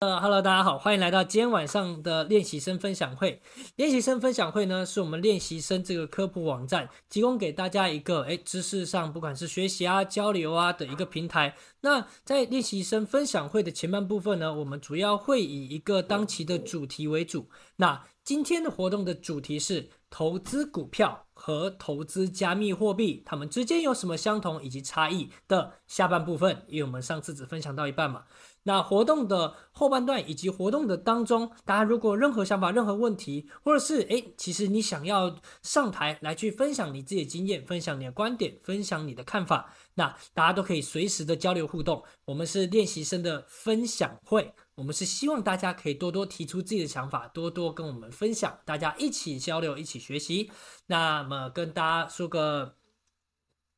呃哈嘍大家好，歡迎來到今天晚上的鏈習生分享會。鏈習生分享會呢，是我們鏈習生這個科普網站提供給大家一個，誒知識上不管是學習啊、交流啊的一個平台。那在鏈習生分享會的前半部分呢，我們主要會以一個當期的主題為主。那今天的活動的主題是投資股票和投資加密貨幣，它們之間有什麼相同以及差異的下半部分，因為我們上次只分享到一半嘛。那活動的後半段以及活動的當中，大家如果任何想法、任何問題，或者是哎，其實你想要上台來去分享你自己的經驗、分享你的觀點、分享你的看法，那大家都可以隨時的交流互動。我們是鏈習生的分享會，我們是希望大家可以多多提出自己的想法，多多跟我們分享，大家一起交流、一起學習。那麼跟大家說個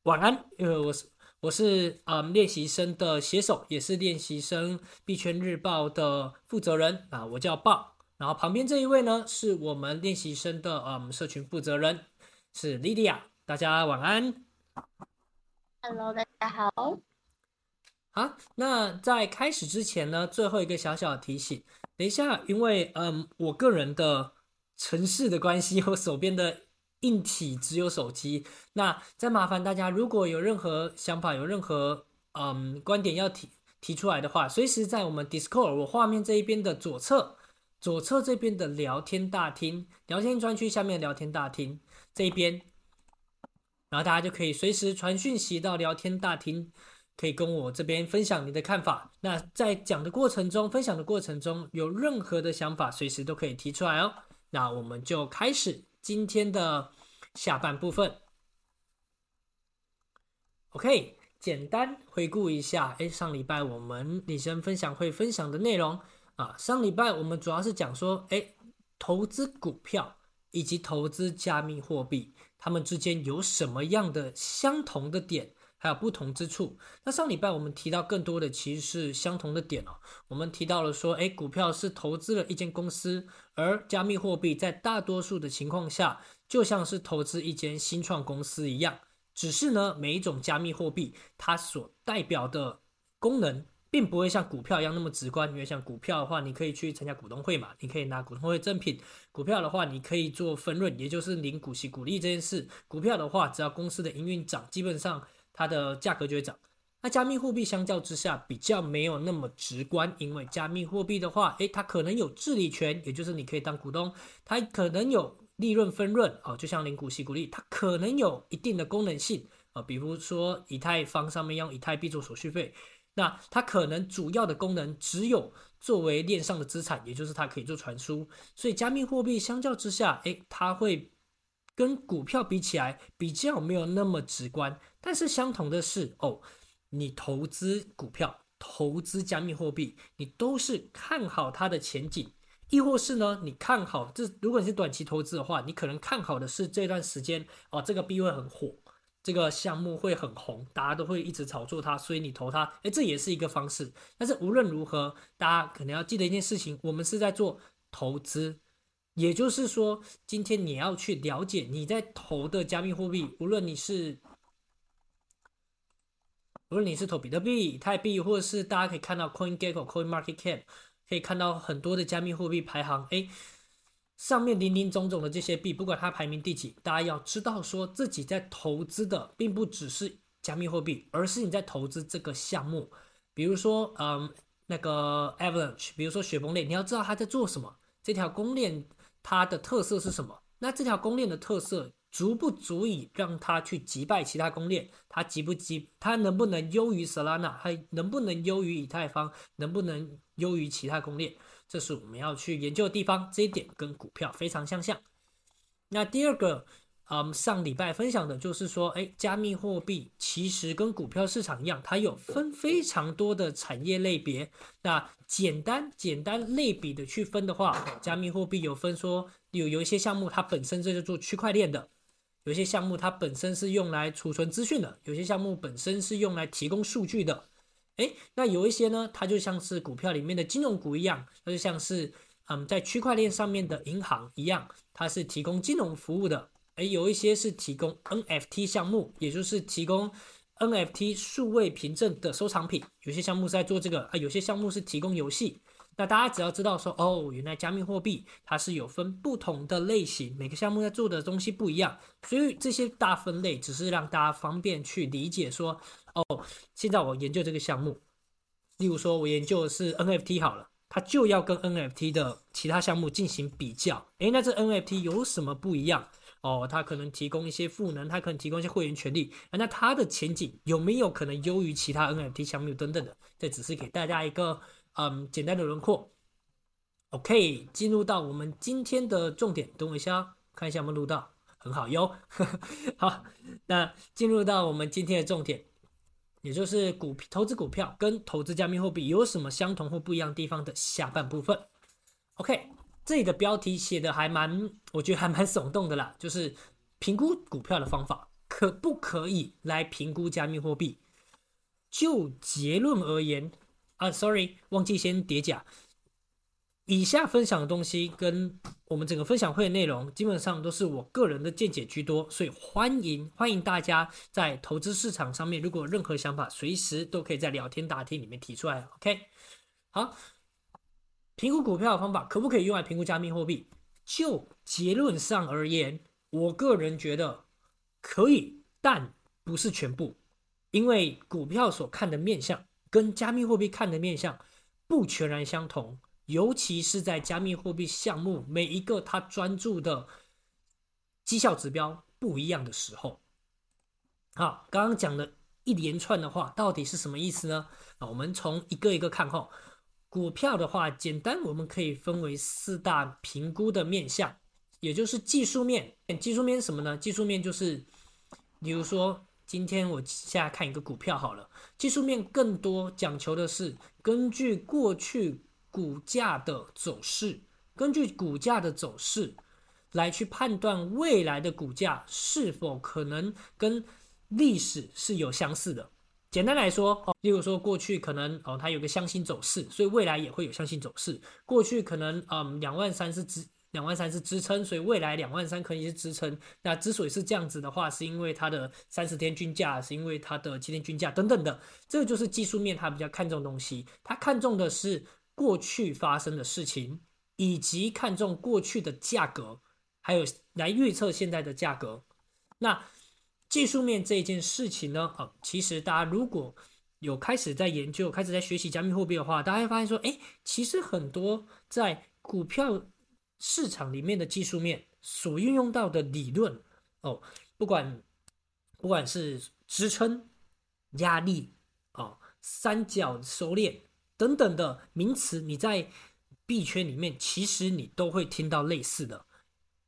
晚安，因為我是。我是嗯鏈習生的寫手，也是鏈習生幣圈日報的負責人啊，我叫 Bob。然後旁邊這一位呢，是我們鏈習生的嗯社群負責人，是 Lydia，大家晚安。Hello，大家好。好，啊，那在開始之前呢，最後一個小小的提醒，等一下，因為嗯我個人的城市的關係和手邊的。硬體只有手機，那再麻煩大家，如果有任何想法，有任何嗯觀點要提提出來的話，隨時在我們 Discord 我畫面這一邊的左側，左側這邊的聊天大廳，聊天專區下面聊天大廳這一邊，然後大家就可以隨時傳訊息到聊天大廳，可以跟我這邊分享你的看法。那在講的過程中，分享的過程中，有任何的想法，隨時都可以提出來哦。那我們就開始。今天的下半部分，OK，簡單回顧一下。哎，上禮拜我們鏈習生分享會分享的內容啊，上禮拜我們主要是講說，哎，投資股票以及投資加密貨幣，它們之間有什麼樣的相同的點，還有不同之處。那上禮拜我們提到更多的其實是相同的點哦，我們提到了說，哎，股票是投資了一間公司。而加密貨幣在大多數的情況下，就像是投資一間新創公司一樣，只是呢，每一種加密貨幣它所代表的功能，並不會像股票一樣那麼直觀。因為像股票的話，你可以去參加股東會嘛，你可以拿股東會贈品；股票的話，你可以做分潤，也就是領股息、股利這件事。股票的話，只要公司的營運漲，基本上它的價格就會漲。那加密貨幣相較之下比較沒有那麼直觀，因為加密貨幣的話，欸，它可能有治理權，也就是你可以當股東；它可能有利潤分潤，哦，呃，就像領股息股利；它可能有一定的功能性，呃，比如說以太坊上面用以太幣做手續費，那它可能主要的功能只有作為鏈上的資產，也就是它可以做傳輸。所以，加密貨幣相較之下，欸，它會跟股票比起來比較沒有那麼直觀。但是相同的是，哦。你投資股票，投資加密貨幣，你都是看好它的前景，亦或是呢？你看好這，如果你是短期投資的話，你可能看好的是這段時間哦，這個幣會很火，這個項目會很紅，大家都會一直炒作它，所以你投它，誒、欸，這也是一個方式。但是無論如何，大家可能要記得一件事情：我們是在做投資，也就是說，今天你要去了解你在投的加密貨幣，無論你是。無論你是投比特幣、以太幣，或者是大家可以看到 CoinGecko、CoinMarketCap，可以看到很多的加密貨幣排行。哎，上面林林總總的這些幣，不管它排名第幾，大家要知道，說自己在投資的並不只是加密貨幣，而是你在投資這個項目。比如說，嗯，那個 Avalanche，比如說雪崩鏈，你要知道它在做什麼，這條公鏈它的特色是什麼？那這條公鏈的特色？足不足以讓他去擊敗其他公鏈，他急不急，他能不能優於 Solana，還能不能優於以太坊，能不能優於其他公鏈，這是我們要去研究的地方。這一點跟股票非常相像，像。那第二個，嗯，上禮拜分享的就是說，哎，加密貨幣其實跟股票市場一樣，它有分非常多的產業類別。那簡單簡單類比的去分的話，加密貨幣有分說有有一些項目，它本身這就是做區塊鏈的。有些項目它本身是用來儲存資訊的，有些項目本身是用來提供數據的。哎，那有一些呢，它就像是股票裡面的金融股一樣，它就像是嗯在區塊鏈上面的銀行一樣，它是提供金融服務的。哎，有一些是提供 NFT 項目，也就是提供 NFT 數位憑證的收藏品。有些項目在做這個啊，有些項目是提供遊戲。那大家只要知道說哦，原來加密貨幣它是有分不同的類型，每個項目要做的東西不一樣，所以這些大分類只是讓大家方便去理解說哦，現在我研究這個項目，例如說我研究的是 NFT 好了，它就要跟 NFT 的其他項目進行比較，誒，那這 NFT 有什麼不一樣？哦，它可能提供一些賦能，它可能提供一些會員權利，那它的前景有沒有可能優於其他 NFT 項目等等的？這只是給大家一個。嗯、um，簡單的輪廓。OK，進入到我們今天的重點。等我一下，看一下有沒有錄到，很好喲。 好，那進入到我們今天的重點，也就是股投資股票跟投資加密貨幣有什麼相同或不一樣地方的下半部分。OK，這裡的標題寫得還蠻，我覺得還蠻聳動的啦，就是評估股票的方法可不可以來評估加密貨幣？就結論而言。啊，sorry，忘記先疊甲。以下分享的東西跟我們整個分享會的內容，基本上都是我個人的見解居多，所以歡迎歡迎大家在投資市場上面，如果有任何想法，隨時都可以在聊天大廳裡面提出來。OK，好。評估股票的方法可不可以用來評估加密貨幣？就結論上而言，我個人覺得可以，但不是全部，因為股票所看的面向。跟加密貨幣看的面向不全然相同，尤其是在加密貨幣項目每一個他專注的績效指標不一樣的時候。好，剛剛講的一連串的話到底是什麼意思呢？啊，我們從一個一個看哈。股票的話，簡單我們可以分為四大評估的面向，也就是技術面。技術面什麼呢？技術面就是，比如說。今天我先看一個股票好了，技術面更多講求的是根據過去股價的走勢，根據股價的走勢來去判斷未來的股價是否可能跟歷史是有相似的。簡單來說哦，例如說，過去可能哦它有個箱型走勢，所以未來也會有箱型走勢。過去可能嗯兩萬三是只。兩萬三是支撐，所以未來兩萬三可以是支撐。那之所以是這樣子的話，是因為它的三十天均價，是因為它的七天均價等等的。這個就是技術面，它比較看重的東西，它看重的是過去發生的事情，以及看重過去的價格，還有來預測現在的價格。那技術面這一件事情呢，啊，其實大家如果有開始在研究，開始在學習加密貨幣的話，大家會發現說，誒，其實很多在股票。市場裡面的技術面所運用到的理論，哦，不管不管是支撐、壓力啊、哦、三角收斂等等的名詞，你在幣圈裡面其實你都會聽到類似的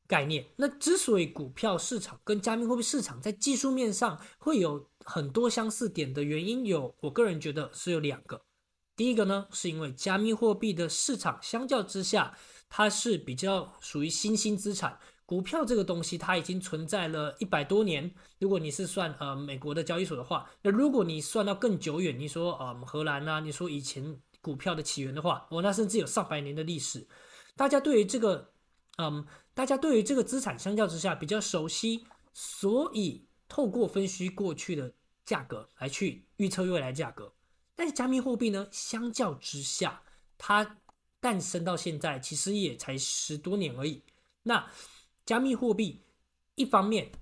概念。那之所以股票市場跟加密貨幣市場在技術面上會有很多相似點的原因，有我個人覺得是有兩個。第一個呢，是因為加密貨幣的市場相較之下。它是比較屬於新興資產，股票這個東西它已經存在了一百多年。如果你是算呃美國的交易所的話，那如果你算到更久遠，你說、呃、荷蘭啊，荷蘭吶，你說以前股票的起源的話，哦那甚至有上百年的歷史。大家對於這個，嗯、呃，大家對於這個資產相較之下比較熟悉，所以透過分析過去的價格來去預測未來價格。但是加密貨幣呢，相較之下它。誕生到現在其實也才十多年而已。那加密貨幣一方面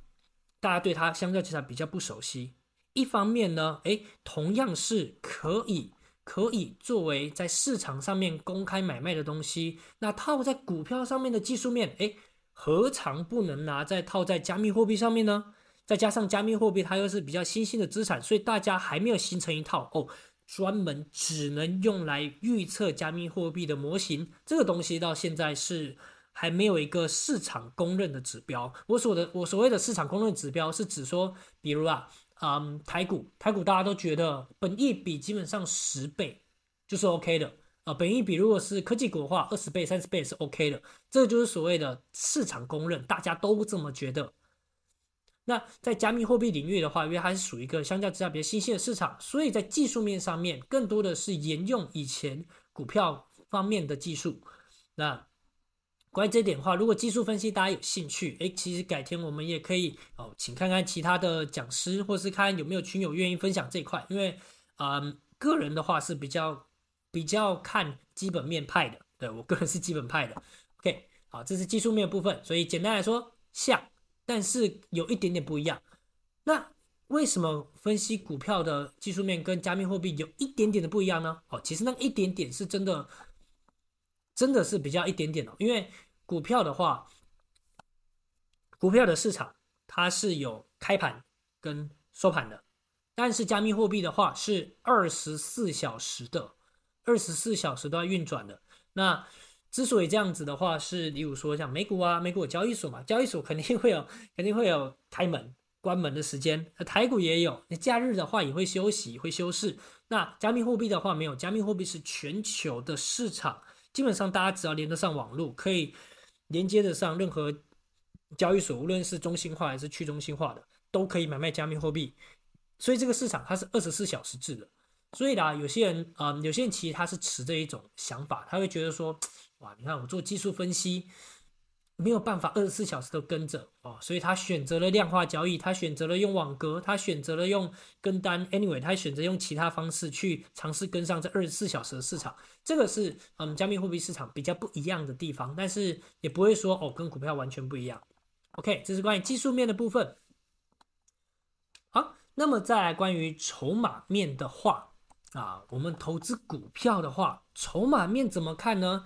大家對它相較其他比較不熟悉，一方面呢，誒同樣是可以可以作為在市場上面公開買賣的東西。那套在股票上面的技術面，誒何嘗不能拿再套在加密貨幣上面呢？再加上加密貨幣它又是比較新興的資產，所以大家還沒有形成一套哦。專門只能用來預測加密貨幣的模型，這個東西到現在是還沒有一個市場公認的指標。我所的我所謂的市場公認指標是指說，比如啊，嗯，台股，台股大家都覺得本益比基本上十倍就是 OK 的啊、呃，本益比如果是科技股的話，二十倍、三十倍是 OK 的，這個、就是所謂的市場公認，大家都這麼覺得。那在加密貨幣領域的話，因為它是屬於一個相較之下比較新興的市場，所以在技術面上面更多的是沿用以前股票方面的技術。那關於這點的話，如果技術分析大家有興趣，哎、欸，其實改天我們也可以哦，請看看其他的講師，或是看有沒有群友願意分享這一塊，因為啊、嗯，個人的話是比較比較看基本面派的，對，我個人是基本派的。OK，好，這是技術面的部分，所以簡單來說像。下但是有一點點不一樣，那為什麼分析股票的技術面跟加密貨幣有一點點的不一樣呢？哦，其實那一點點是真的，真的是比較一點點的，哦，因為股票的話，股票的市場它是有開盤跟收盤的，但是加密貨幣的話是二十四小時的，二十四小時都要運轉的，那。之所以這樣子的話，是例如說像美股啊，美股有交易所嘛，交易所肯定會有肯定會有開門關門的時間，呃，台股也有，那假日的話也會休息，會休市。那加密貨幣的話沒有，加密貨幣是全球的市場，基本上大家只要連得上網絡，可以連接得上任何交易所，無論是中心化還是去中心化的，都可以買賣加密貨幣。所以這個市場它是二十四小時制的。所以啦，有些人啊，呃，有些人其實他是持着一種想法，他會覺得說。哇，你看我做技術分析沒有辦法二十四小時都跟着哦，所以他選擇了量化交易，他選擇了用網格，他選擇了用跟單，anyway，他選擇用其他方式去嘗試跟上這二十四小時的市場。這個是嗯加密貨幣市場比較不一樣的地方，但是也不會說哦跟股票完全不一樣。OK，這是關於技術面的部分。好，啊，那麼再來關於籌碼面的話啊，我們投資股票的話，籌碼面怎麼看呢？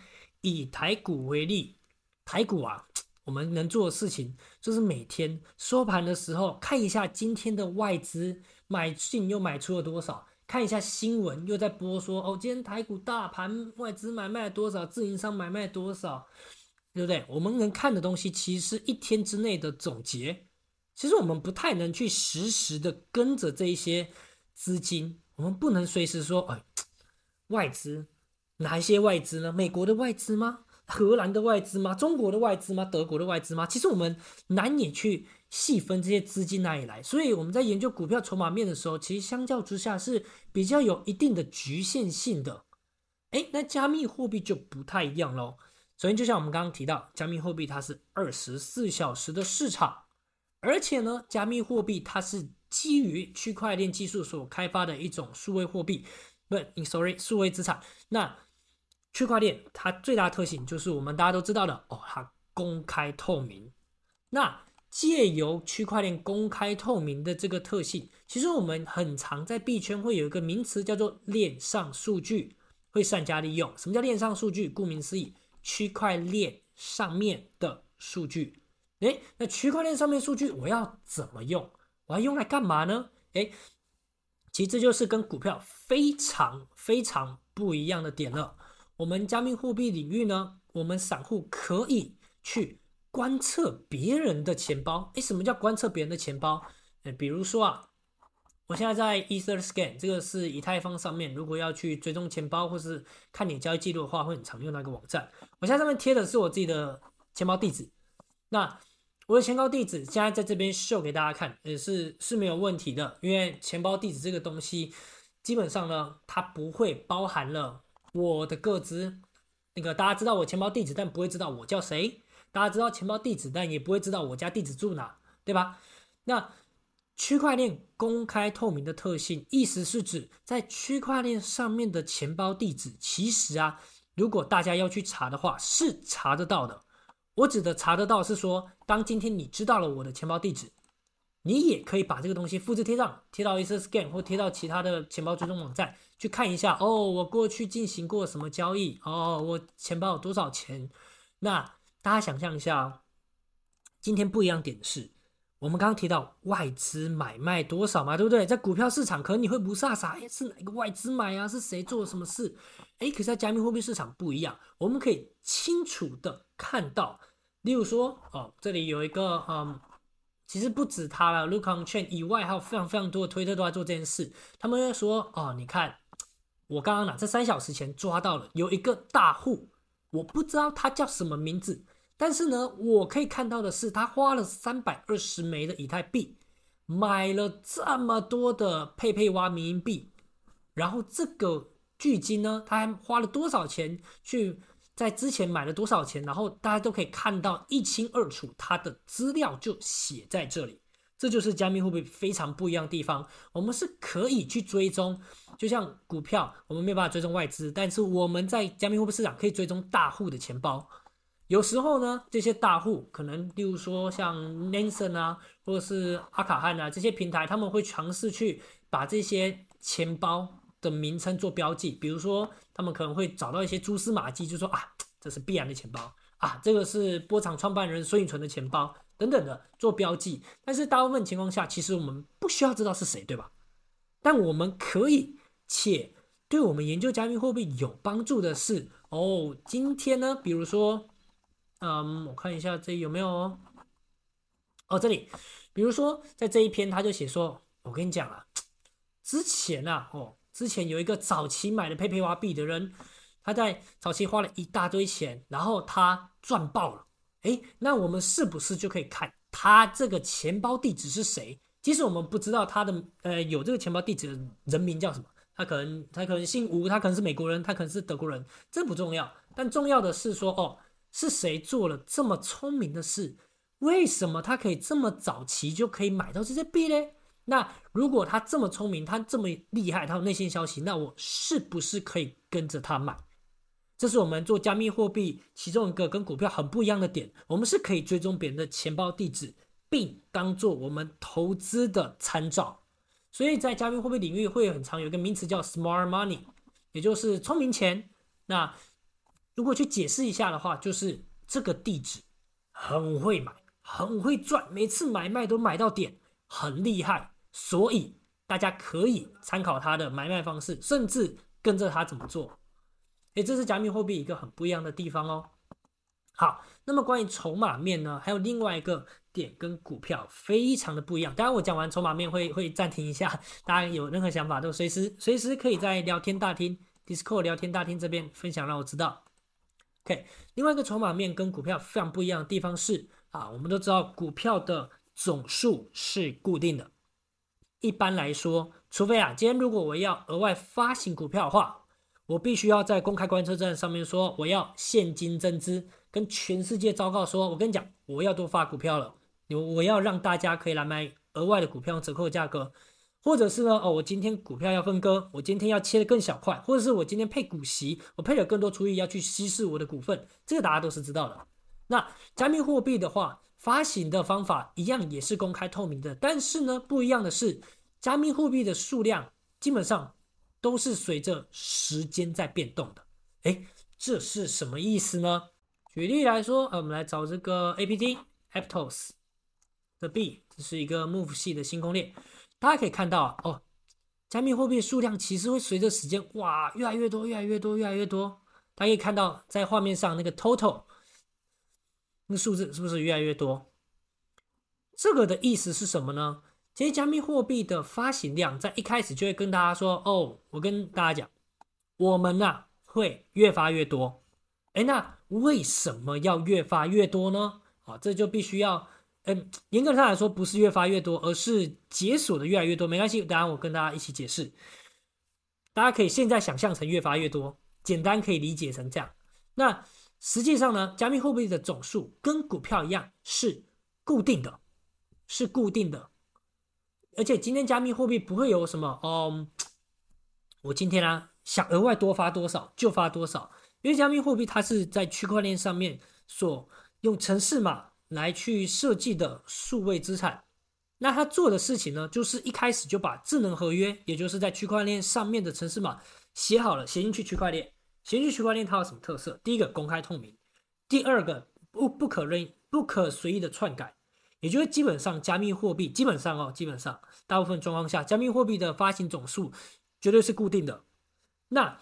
以台股為例，台股啊，我們能做的事情就是每天收盤的時候看一下今天的外資買進又買出了多少，看一下新聞又在播說哦，今天台股大盤外資買賣了多少，自營商買賣了多少，對不對？我們能看的東西其實是一天之內的總結，其實我們不太能去實時的跟着這一些資金，我們不能隨時說哎、呃，外資。哪一些外資呢？美國的外資嗎？荷蘭的外資嗎？中國的外資嗎？德國的外資嗎？其實我們難以去細分這些資金哪裡來，所以我們在研究股票籌碼面的時候，其實相較之下是比較有一定的局限性的。誒，那加密貨幣就不太一樣嘍。首先，就像我們剛剛提到，加密貨幣它是二十四小時的市場，而且呢，加密貨幣它是基於區塊鏈技術所開發的一種數位貨幣，不，sorry，數位資產。那區塊鏈它最大特性就是我們大家都知道的哦，它公開透明。那借由區塊鏈公開透明的這個特性，其實我們很常在幣圈會有一個名詞叫做鏈上數據，會善加利用。什麼叫鏈上數據？顧名思義，區塊鏈上面的數據。誒，那區塊鏈上面數據我要怎麼用？我要用來幹嘛呢？誒，其實這就是跟股票非常非常不一樣的點了。我們加密貨幣領域呢，我們散戶可以去觀測別人的錢包。哎，什麼叫觀測別人的錢包？哎，比如說啊，我現在在 EtherScan，這個是以太坊上面，如果要去追蹤錢包或是看你的交易記錄的話，會很常用那個網站。我現在上面貼的是我自己的錢包地址。那我的錢包地址現在在這邊 show 給大家看，也是是沒有問題的，因為錢包地址這個東西，基本上呢，它不會包含了。我的個資，那個大家知道我錢包地址，但不會知道我叫誰；大家知道錢包地址，但也不會知道我家地址住哪，對吧？那區塊鏈公開透明的特性，意思是指在區塊鏈上面的錢包地址，其實啊，如果大家要去查的話，是查得到的。我指的查得到，是說當今天你知道了我的錢包地址，你也可以把這個東西複製貼上，貼到一些 Scan 或貼到其他的錢包追蹤網站去看一下。哦，我過去進行過什麼交易？哦，我錢包有多少錢？那大家想象一下，哦，今天不一樣點的是，我們剛剛提到外資買賣多少嘛，對不對？在股票市場，可能你會不傻傻，哎，是哪個外資買啊？是誰做了什麼事？哎，可是在加密貨幣市場不一樣，我們可以清楚地看到，例如說，哦，這裡有一個，嗯。其實不止他了，Lookonchain 以外，還有非常非常多的推特都在做這件事。他們又說：“哦，你看，我剛剛呢，在三小時前抓到了有一個大戶，我不知道他叫什麼名字，但是呢，我可以看到的是，他花了三百二十枚的以太幣，買了這麼多的佩佩蛙迷因幣，然後這個巨金呢，他還花了多少錢去？”在之前買了多少錢，然後大家都可以看到一清二楚，它的資料就寫在這裡。這就是加密貨幣非常不一樣的地方，我們是可以去追蹤。就像股票，我們沒有辦法追蹤外資，但是我們在加密貨幣市場可以追蹤大戶的錢包。有時候呢，這些大戶可能，例如說像 Nansen 啊，或者是阿卡漢啊這些平台，他們會嘗試去把這些錢包。的名稱做標記，比如說他們可能會找到一些蛛絲馬跡，就說啊，這是必然的錢包啊，這個是波場創辦人孫宇晨的錢包等等的做標記。但是大部分情況下，其實我們不需要知道是誰，對吧？但我們可以且對我們研究嘉賓會不會有幫助的是哦，今天呢，比如說，嗯，我看一下這有沒有哦，這裡，比如說在這一篇他就寫說，我跟你講啊，之前啊，哦。之前有一個早期買了佩佩蛙幣的人，他在早期花了一大堆錢，然後他賺爆了。誒，那我們是不是就可以看他這個錢包地址是誰？即使我們不知道他的呃有這個錢包地址的人名叫什麼，他可能他可能姓吳，他可能是美國人，他可能是德國人，這不重要。但重要的是說，哦，是誰做了這麼聰明的事？為什麼他可以這麼早期就可以買到這些幣呢？那如果他這麼聰明，他這麼厲害，他有內線消息，那我是不是可以跟着他買？這是我們做加密貨幣其中一個跟股票很不一樣的點。我們是可以追蹤別人的錢包地址，並當做我們投資的參照。所以在加密貨幣領域會很常有一個名詞叫 “smart money”，也就是聰明錢。那如果去解釋一下的話，就是這個地址很會買，很會賺，每次買賣都買到點，很厲害。所以大家可以參考它的買賣方式，甚至跟着它怎麼做。誒，這是加密貨幣一個很不一樣的地方哦。好，那麼關於籌碼面呢，還有另外一個點跟股票非常的不一樣。當然，我講完籌碼面會會暫停一下，大家有任何想法都隨時隨時可以在聊天大廳、Discord 聊天大廳這邊分享，讓我知道。OK，另外一個籌碼面跟股票非常不一樣的地方是啊，我們都知道股票的總數是固定的。一般來說，除非啊，今天如果我要額外發行股票的話，我必須要在公開觀測站上面說我要現金增資，跟全世界昭告說，我跟你講，我要多發股票了，我要讓大家可以來買額外的股票，折扣價格，或者是呢，哦，我今天股票要分割，我今天要切得更小塊，或者是我今天配股息，我配了更多，所以要去稀釋我的股份，這個大家都是知道的。那加密貨幣的話。發行的方法一樣也是公開透明的，但是呢，不一樣的是，加密貨幣的數量基本上都是隨着時間在變動的。誒，這是什麼意思呢？舉例來說，呃、啊，我們來找這個 APT Aptos 的幣這是一個 move 系的新公鏈。大家可以看到、啊、哦，加密貨幣的數量其實會隨着時間哇越來越多，越來越多，越來越多。大家可以看到在畫面上那個 total。那數字是不是越來越多？這個的意思是什麼呢？其實加密貨幣的發行量在一開始就會跟大家說：“哦，我跟大家講，我們吶、啊、會越發越多。”哎，那為什麼要越發越多呢？好、啊，這就必須要……嗯、呃，嚴格上來說不是越發越多，而是解鎖的越來越多。沒關係，等下我跟大家一起解釋。大家可以現在想象成越發越多，簡單可以理解成這樣。那實際上呢，加密貨幣的總數跟股票一樣是固定的，是固定的。而且今天加密貨幣不會有什麼，嗯、哦，我今天呢、啊、想額外多發多少就發多少，因為加密貨幣它是在區塊鏈上面所用程式碼，來去設計的數位資產。那它做的事情呢，就是一開始就把智能合約，也就是在區塊鏈上面的程式碼寫好了，寫進去區塊鏈。新區區塊鏈它有什麼特色？第一個公開透明，第二個不不可任意，不可隨意的篡改，也就是基本上加密貨幣基本上哦，基本上大部分狀況下，加密貨幣的發行總數絕對是固定的。那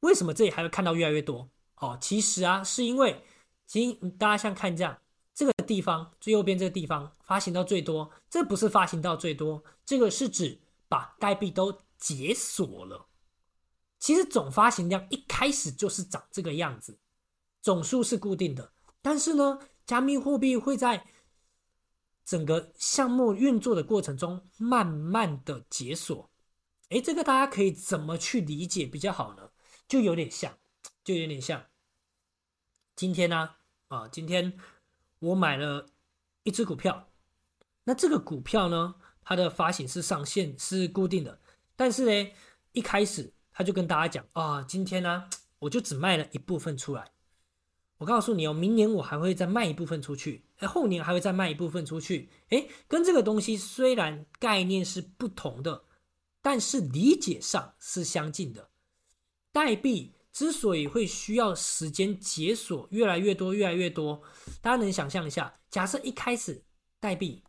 為什麼這裡還會看到越來越多？哦，其實啊，是因為其實大家像看這樣，這個地方最右邊這個地方發行到最多，這不是發行到最多，這個是指把代幣都解鎖了。其實總發行量一開始就是長這個樣子，總數是固定的。但是呢，加密貨幣會在整個項目運作的過程中慢慢的解鎖。誒，這個大家可以怎麼去理解比較好呢？就有點像，就有點像。今天呢，啊，啊，今天我買了一只股票，那這個股票呢，它的發行是上限是固定的，但是呢，一開始。他就跟大家講啊、哦，今天呢、啊，我就只賣了一部分出來。我告訴你哦，明年我還會再賣一部分出去，哎，後年還會再賣一部分出去。哎，跟這個東西雖然概念是不同的，但是理解上是相近的。代幣之所以會需要時間解鎖越來越多、越來越多，大家能想象一下，假設一開始代幣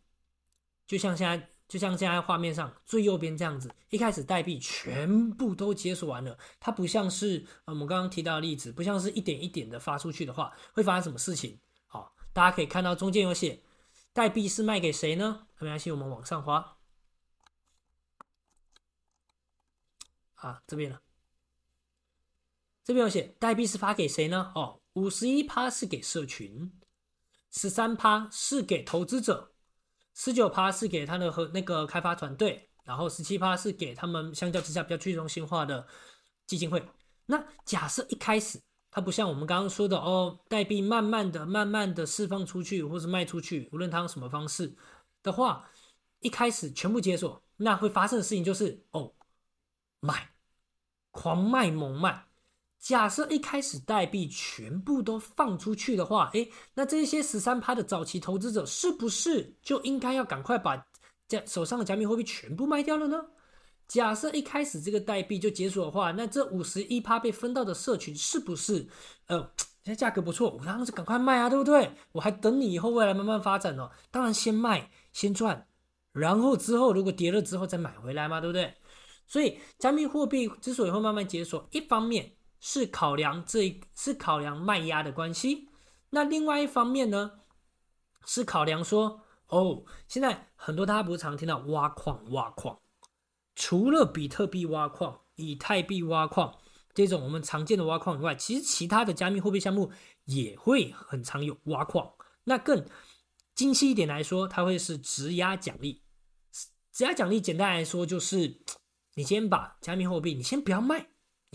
就像現在，就像現在畫面上最右邊這樣子，一開始代幣全部都解鎖完了，它不像是我們剛剛提到的例子，不像是一點一點的發出去的話，會發生什麼事情？好，大家可以看到中間有寫，代幣是賣給誰呢？沒關係，我們往上滑。啊，這邊了，這邊有寫，代幣是發給誰呢51？哦，五十一趴是給社群13，十三趴是給投資者。十九趴是給他的和那個開發團隊，然後十七趴是給他們，相較之下比較去中心化的基金會。那假設一開始它不像我們剛剛說的哦，代幣慢慢的、慢慢的釋放出去或者賣出去，無論它用什麼方式的話，一開始全部解鎖，那會發生的事情就是哦，賣，狂賣，猛賣。假設一開始代幣全部都放出去的話，誒，那這些十三趴的早期投資者是不是就應該要趕快把加手上的加密貨幣全部賣掉了呢？假設一開始這個代幣就解鎖的話，那這五十一趴被分到的社群是不是呃，現在價格不錯，我當然是趕快賣啊，對不對？我還等你以後未來慢慢發展哦，當然先賣先賺，然後之後如果跌了之後再買回來嘛，對不對？所以加密貨幣之所以會慢慢解鎖，一方面。是考量這，是考量賣壓的關係。那另外一方面呢，是考量說，哦，現在很多大家不是常聽到挖礦、挖礦。除了比特幣挖礦、以太幣挖礦這種我們常見的挖礦以外，其實其他的加密貨幣項目也會很常有挖礦。那更精細一點來說，它會是質押獎勵。質押獎勵簡單來說就是，你先把加密貨幣，你先不要賣。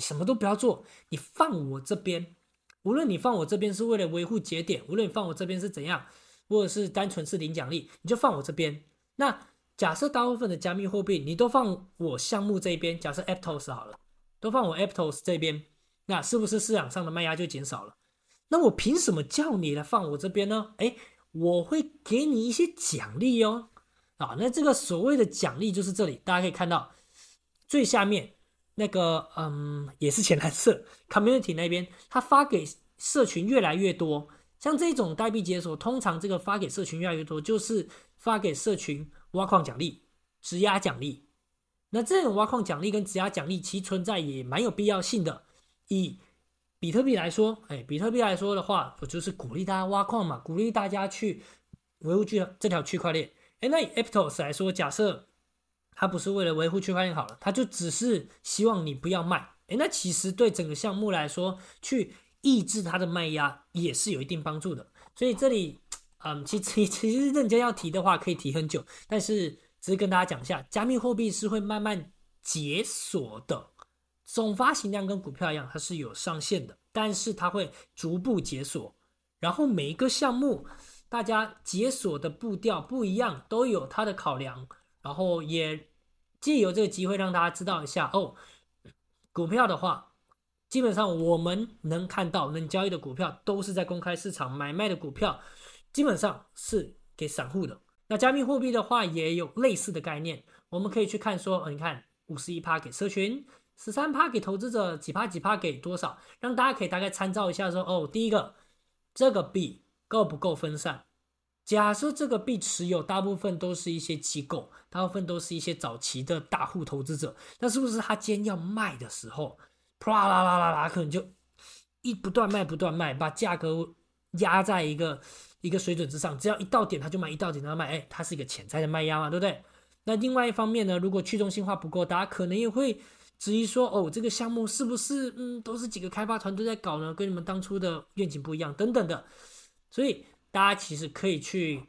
什麼都不要做，你放我這邊。無論你放我這邊是為了維護節點，無論你放我這邊是怎樣，或者是單純是領獎勵，你就放我這邊。那假設大部分的加密貨幣你都放我項目這邊，假設 Aptos 好了，都放我 Aptos 這邊，那是不是市場上的賣壓就減少了？那我憑什麼叫你來放我這邊呢？誒，我會給你一些獎勵哦。啊，那這個所謂的獎勵就是這裡，大家可以看到最下面。那個嗯，也是淺藍色 community 那邊，他發給社群越來越多。像這種代幣解鎖，通常這個發給社群越來越多，就是發給社群挖礦獎勵、質押獎勵。那這種挖礦獎勵跟質押獎勵，其存在也蠻有必要性的。以比特幣來說，哎，比特幣來說的話，我就是鼓勵大家挖礦嘛，鼓勵大家去維護這這條區塊鏈。哎，那以 Aptos 來說，假設。它不是為了維護區塊鏈好了，它就只是希望你不要賣。誒、欸，那其實對整個項目來說，去抑制它的賣壓也是有一定幫助的。所以這裡，嗯，其實其實認真要提的話，可以提很久，但是只是跟大家講一下，加密貨幣是會慢慢解鎖的，總發行量跟股票一樣，它是有上限的，但是它會逐步解鎖。然後每一個項目，大家解鎖的步調不一樣，都有它的考量，然後也。藉由這個機會讓大家知道一下哦，股票的話，基本上我們能看到能交易的股票都是在公開市場買賣的股票，基本上是給散戶的。那加密貨幣的話也有類似的概念，我們可以去看說，哦、你看五十一趴給社群，十三趴給投資者，幾趴幾趴給多少，讓大家可以大概參照一下說哦，第一個這個幣夠不夠分散？假設這個幣持有大部分都是一些機構，大部分都是一些早期的大戶投資者，那是不是他今天要賣的時候，啪啦啦啦啦，可能就一不斷賣不斷賣，把價格壓在一個一個水準之上，只要一到點他就賣，一到點他就賣，哎，它是一個潛在的賣壓嘛，對不對？那另外一方面呢，如果去中心化不夠，大家可能也會質疑說，哦，這個項目是不是嗯都是幾個開發團隊在搞呢？跟你們當初的願景不一樣，等等的，所以。大家其實可以去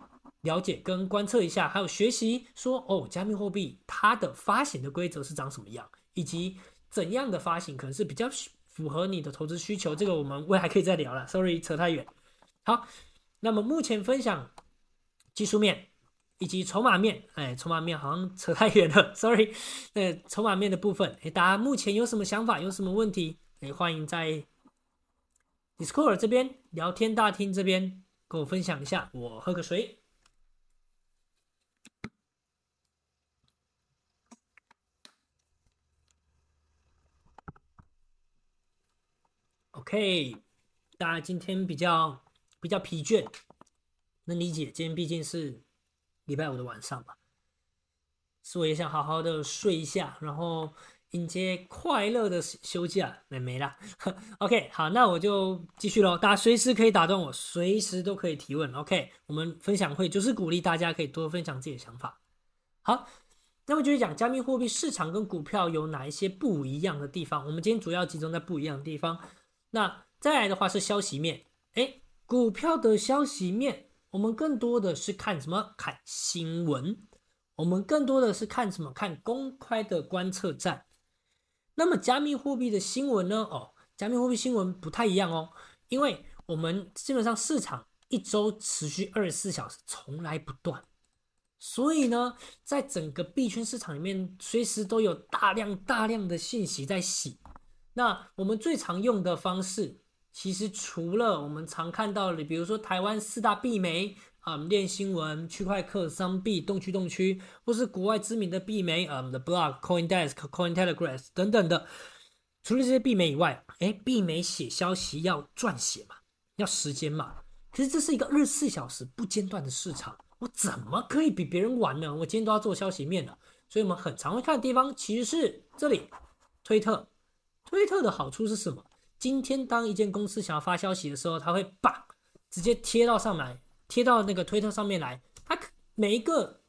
了解跟觀測一下，還有學習說哦，加密貨幣它的發行的規則是長什麼樣，以及怎樣的發行可能是比較符合你的投資需求。這個我們未來可以再聊了。Sorry，扯太遠。好，那麼目前分享技術面以及籌碼面，哎，籌碼面好像扯太遠了。Sorry，呃、哎，籌碼面的部分，哎，大家目前有什麼想法？有什麼問題？哎，歡迎在 Discord 這邊聊天大廳這邊。跟我分享一下，我喝個水。OK，大家今天比較比較疲倦，能理解。今天畢竟是禮拜五的晚上吧，是我也想好好的睡一下，然後。迎接快樂的休假，那沒了。 OK，好，那我就繼續嘍。大家隨時可以打斷我，隨時都可以提問。OK，我們分享會就是鼓勵大家可以多分享自己的想法。好，那麼就是講加密貨幣市場跟股票有哪一些不一樣的地方？我們今天主要集中在不一樣的地方。那再來的話是消息面。誒，股票的消息面，我們更多的是看什麼？看新聞。我們更多的是看什麼？看公開的觀測站。那麼加密貨幣的新聞呢？哦，加密貨幣新聞不太一樣哦，因為我們基本上市場一周持續二十四小時，從來不斷，所以呢，在整個幣圈市場裡面，隨時都有大量大量的信息在洗。那我們最常用的方式，其實除了我們常看到的，比如說台灣四大幣媒。啊，我們鏈新聞、區塊客、桑幣、動區、動區，或是國外知名的幣媒，嗯、um，The Block、CoinDesk、Cointelegraph 等等的。除了這些幣媒以外，哎，幣媒寫消息要撰寫嘛，要時間嘛。其實這是一個二十四小時不間斷的市場，我怎麼可以比別人晚呢？我今天都要做消息面了，所以我們很常會看的地方其實是這裡，推特。推特的好處是什麼？今天當一間公司想要發消息的時候，它會叭，直接貼到上來。貼到那個推特上面來，它每一個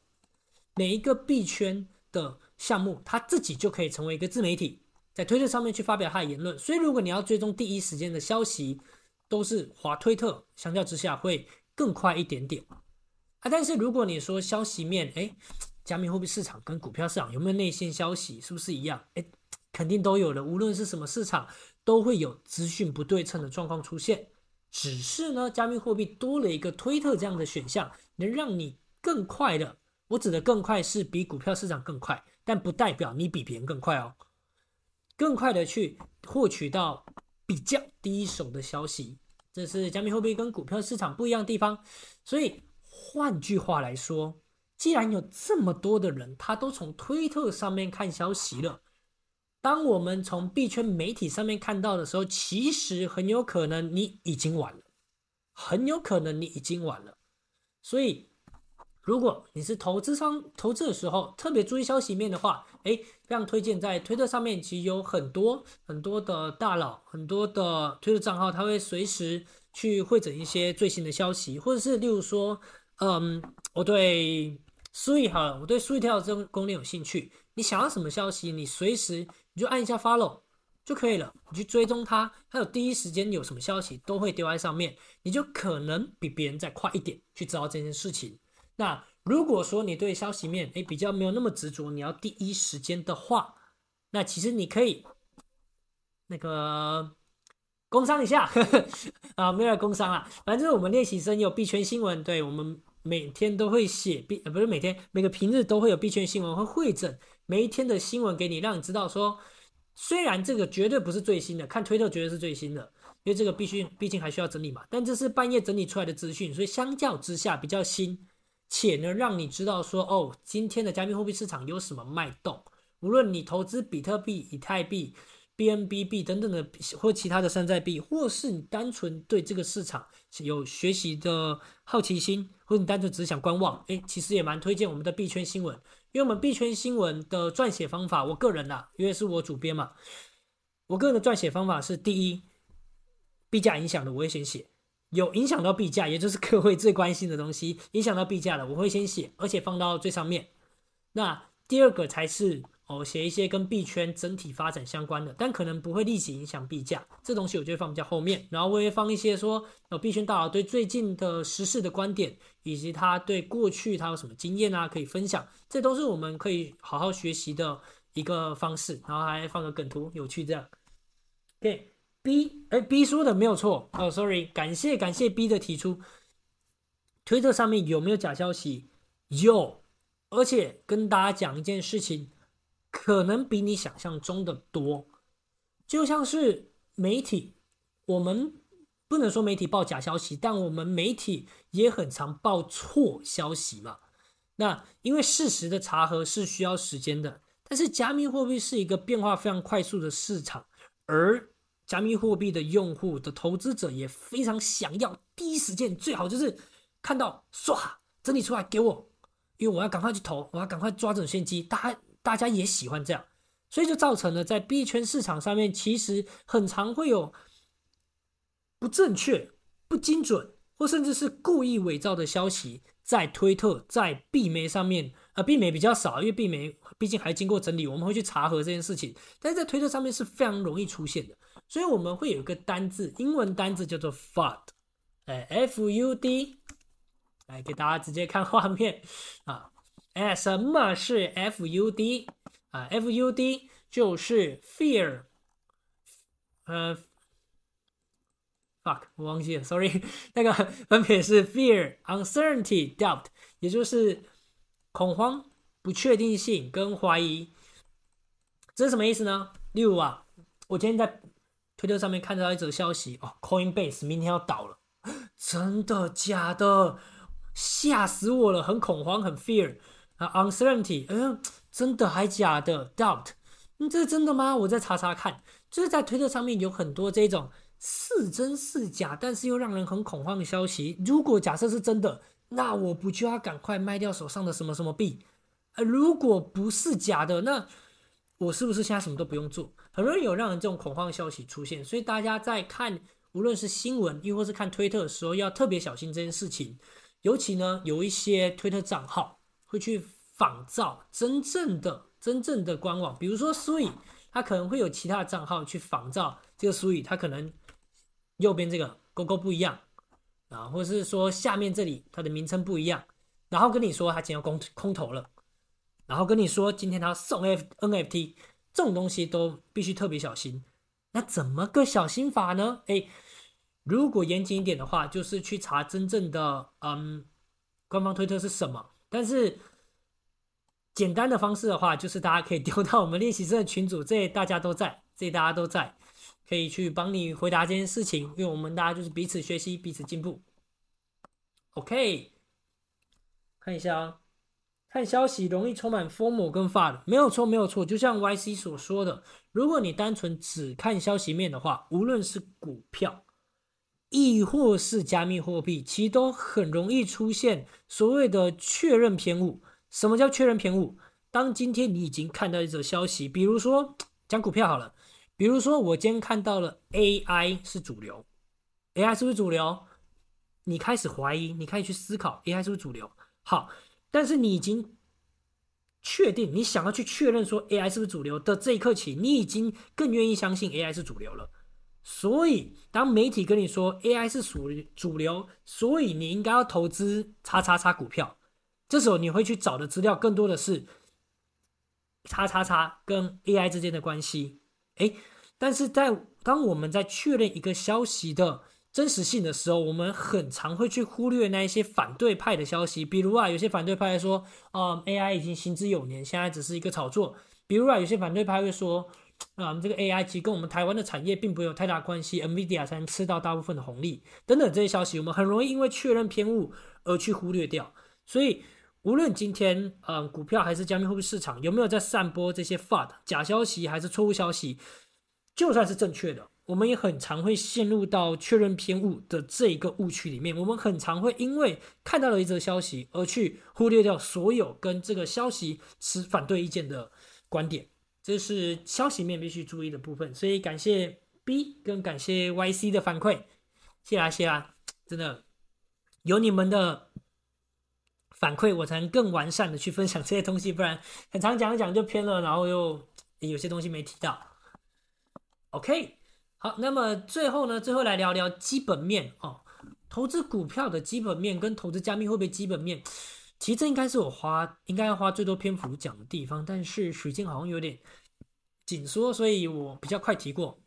每一個幣圈的項目，它自己就可以成為一個自媒體，在推特上面去發表它的言論。所以如果你要追蹤第一時間的消息，都是滑推特，相較之下會更快一點點。啊，但是如果你說消息面，哎，加密貨幣市場跟股票市場有沒有內線消息，是不是一樣？誒、哎，肯定都有的，無論是什麼市場，都會有資訊不對稱的狀況出現。只是呢，加密貨幣多了一個推特這樣的選項，能讓你更快的，我指的更快是比股票市場更快，但不代表你比別人更快哦，更快的去獲取到比較第一手的消息，這是加密貨幣跟股票市場不一樣的地方。所以，換句話來說，既然有這麼多的人他都從推特上面看消息了。當我們從幣圈媒體上面看到的時候，其實很有可能你已經晚了，很有可能你已經晚了。所以，如果你是投資商投資的時候，特別注意消息面的話，哎，非常推薦在推特上面，其實有很多很多的大佬，很多的推特賬號，他會隨時去匯整一些最新的消息，或者是例如說，嗯，我對收益哈，我對收益跳這種攻略有興趣，你想要什麼消息，你隨時。你就按一下 Follow 就可以了。你去追蹤它，還有第一時間有什麼消息都會丟在上面，你就可能比別人再快一點去知道這件事情。那如果說你對消息面誒、欸、比較沒有那麼執着，你要第一時間的話，那其實你可以那個工商一下 啊，沒有工商啊，反正我們鏈習生有幣圈新聞，對我們每天都會寫幣，呃，不是每天，每個平日都會有幣圈新聞會彙整。每一天的新聞給你，讓你知道說，雖然這個絕對不是最新的，看推特絕對是最新的，因為這個必須畢竟還需要整理嘛。但這是半夜整理出來的資訊，所以相較之下比較新，且呢讓你知道說，哦，今天的加密貨幣市場有什麼脈動。無論你投資比特幣、以太幣、BNB 幣等等的，或其他的山寨幣，或是你單純對這個市場有學習的好奇心，或是你單純只想觀望，欸，其實也蠻推薦我們的幣圈新聞。因為我們幣圈新聞的撰寫方法，我個人呢、啊、因為是我主編嘛，我個人的撰寫方法是：第一，幣價影響的我會先寫，有影響到幣價，也就是各位最關心的東西，影響到幣價的我會先寫，而且放到最上面。那第二個才是。哦，寫一些跟幣圈整體發展相關的，但可能不會立即影響幣價這東西，我覺得放在後面，然後我也放一些說，呃，幣圈大佬對最近的時事的觀點，以及他對過去他有什麼經驗啊，可以分享，這都是我們可以好好學習的一個方式。然後還放個梗圖，有趣這樣。Okay, B，哎、欸、，B 說的沒有錯哦、oh,，Sorry，感謝感謝 B 的提出。Twitter 上面有沒有假消息？有，而且跟大家講一件事情。可能比你想象中的多，就像是媒體，我們不能說媒體報假消息，但我們媒體也很常報錯消息嘛。那因為事實的查核是需要時間的，但是加密貨幣是一個變化非常快速的市場，而加密貨幣的用戶的投資者也非常想要第一時間，最好就是看到唰整理出來給我，因為我要趕快去投，我要趕快抓準先機，大家。大家也喜歡這樣，所以就造成了在幣圈市場上面，其實很常會有不正確、不精準，或甚至是故意偽造的消息在推特、在幣媒上面。呃，幣媒比較少，因為幣媒畢竟還經過整理，我們會去查核這件事情。但是在推特上面是非常容易出現的，所以我們會有一個單字，英文單字叫做 “FUD”，哎，FUD，來給大家直接看畫面啊。哎，什麼是 FUD 啊？FUD 就是 fear，呃，uh，fuck，我忘記了，sorry， 那個分別是 fear、uncertainty、doubt，也就是恐慌、不確定性跟懷疑。這是什麼意思呢？例如啊，我今天在 Twitter 上面看到一則消息哦，Coinbase 明天要倒了，真的假的？嚇死我了，很恐慌，很 fear。啊、uh，uncertainty，嗯、呃，真的還假的？doubt，嗯，這是真的嗎？我再查查看。就是在推特上面有很多這種是真是假，但是又讓人很恐慌的消息。如果假設是真的，那我不就要趕快賣掉手上的什麼什麼幣？呃，如果不是假的，那我是不是現在什麼都不用做？很多人有讓人這種恐慌的消息出現，所以大家在看，無論是新聞亦或是看推特的時候，要特別小心這件事情。尤其呢，有一些推特賬號。會去仿造真正的、真正的官網，比如說蘇影，他可能會有其他賬號去仿造這個蘇影，他可能右邊這個勾勾不一樣啊，或者是說下面這裡它的名稱不一樣，然後跟你說他今天要公空投了，然後跟你說今天他送 NFT，這種東西都必須特別小心。那怎麼個小心法呢？誒，如果嚴謹一點的話，就是去查真正的嗯官方推特是什麼。但是，簡單的方式的話，就是大家可以丟到我們鏈習生的群組，這大家都在，這大家都在，可以去幫你回答這件事情，因為我們大家就是彼此學習，彼此進步。OK，看一下啊，看消息容易充滿 FOMO 跟 FUD，沒有錯，沒有錯，就像 YC 所說的，如果你單純只看消息面的話，無論是股票。亦或是加密貨幣，其實都很容易出現所謂的確認偏誤。什麼叫確認偏誤？當今天你已經看到一則消息，比如說講股票好了，比如說我今天看到了 AI 是主流，AI 是不是主流？你開始懷疑，你開始去思考 AI 是不是主流。好，但是你已經確定，你想要去確認說 AI 是不是主流的這一刻起，你已經更願意相信 AI 是主流了。所以，當媒體跟你說 AI 是屬於主流，所以你應該要投資叉叉叉股票，這時候你會去找的資料更多的是叉叉叉跟 AI 之間的關係。誒，但是在當我們在確認一個消息的真實性的時候，我們很常會去忽略那一些反對派的消息。比如啊，有些反對派說，嗯 AI 已經行之有年，現在只是一個炒作。比如啊，有些反對派會說。啊、嗯，我們這個 AI 機跟我們台灣的產業並沒有太大關係，NVIDIA 才能吃到大部分的紅利等等這些消息，我們很容易因為確認偏誤而去忽略掉。所以，無論今天，嗯，股票還是加密貨幣市場有沒有在散播這些 FUD 假消息還是錯誤消息，就算是正確的，我們也很常會陷入到確認偏誤的這一個誤區裡面。我們很常會因為看到了一則消息而去忽略掉所有跟這個消息持反對意見的觀點。這是消息面必須注意的部分，所以感謝 B 跟感謝 YC 的反饋，謝啦謝啦，真的有你們的反饋，我才能更完善的去分享這些東西，不然很常講一講就偏了，然後又有些東西沒提到。OK，好，那麼最後呢，最後來聊聊基本面哦，投資股票的基本面跟投資加密貨幣基本面。其實這應該是我花，應該要花最多篇幅講的地方，但是時間好像有點緊縮，所以我比較快提過。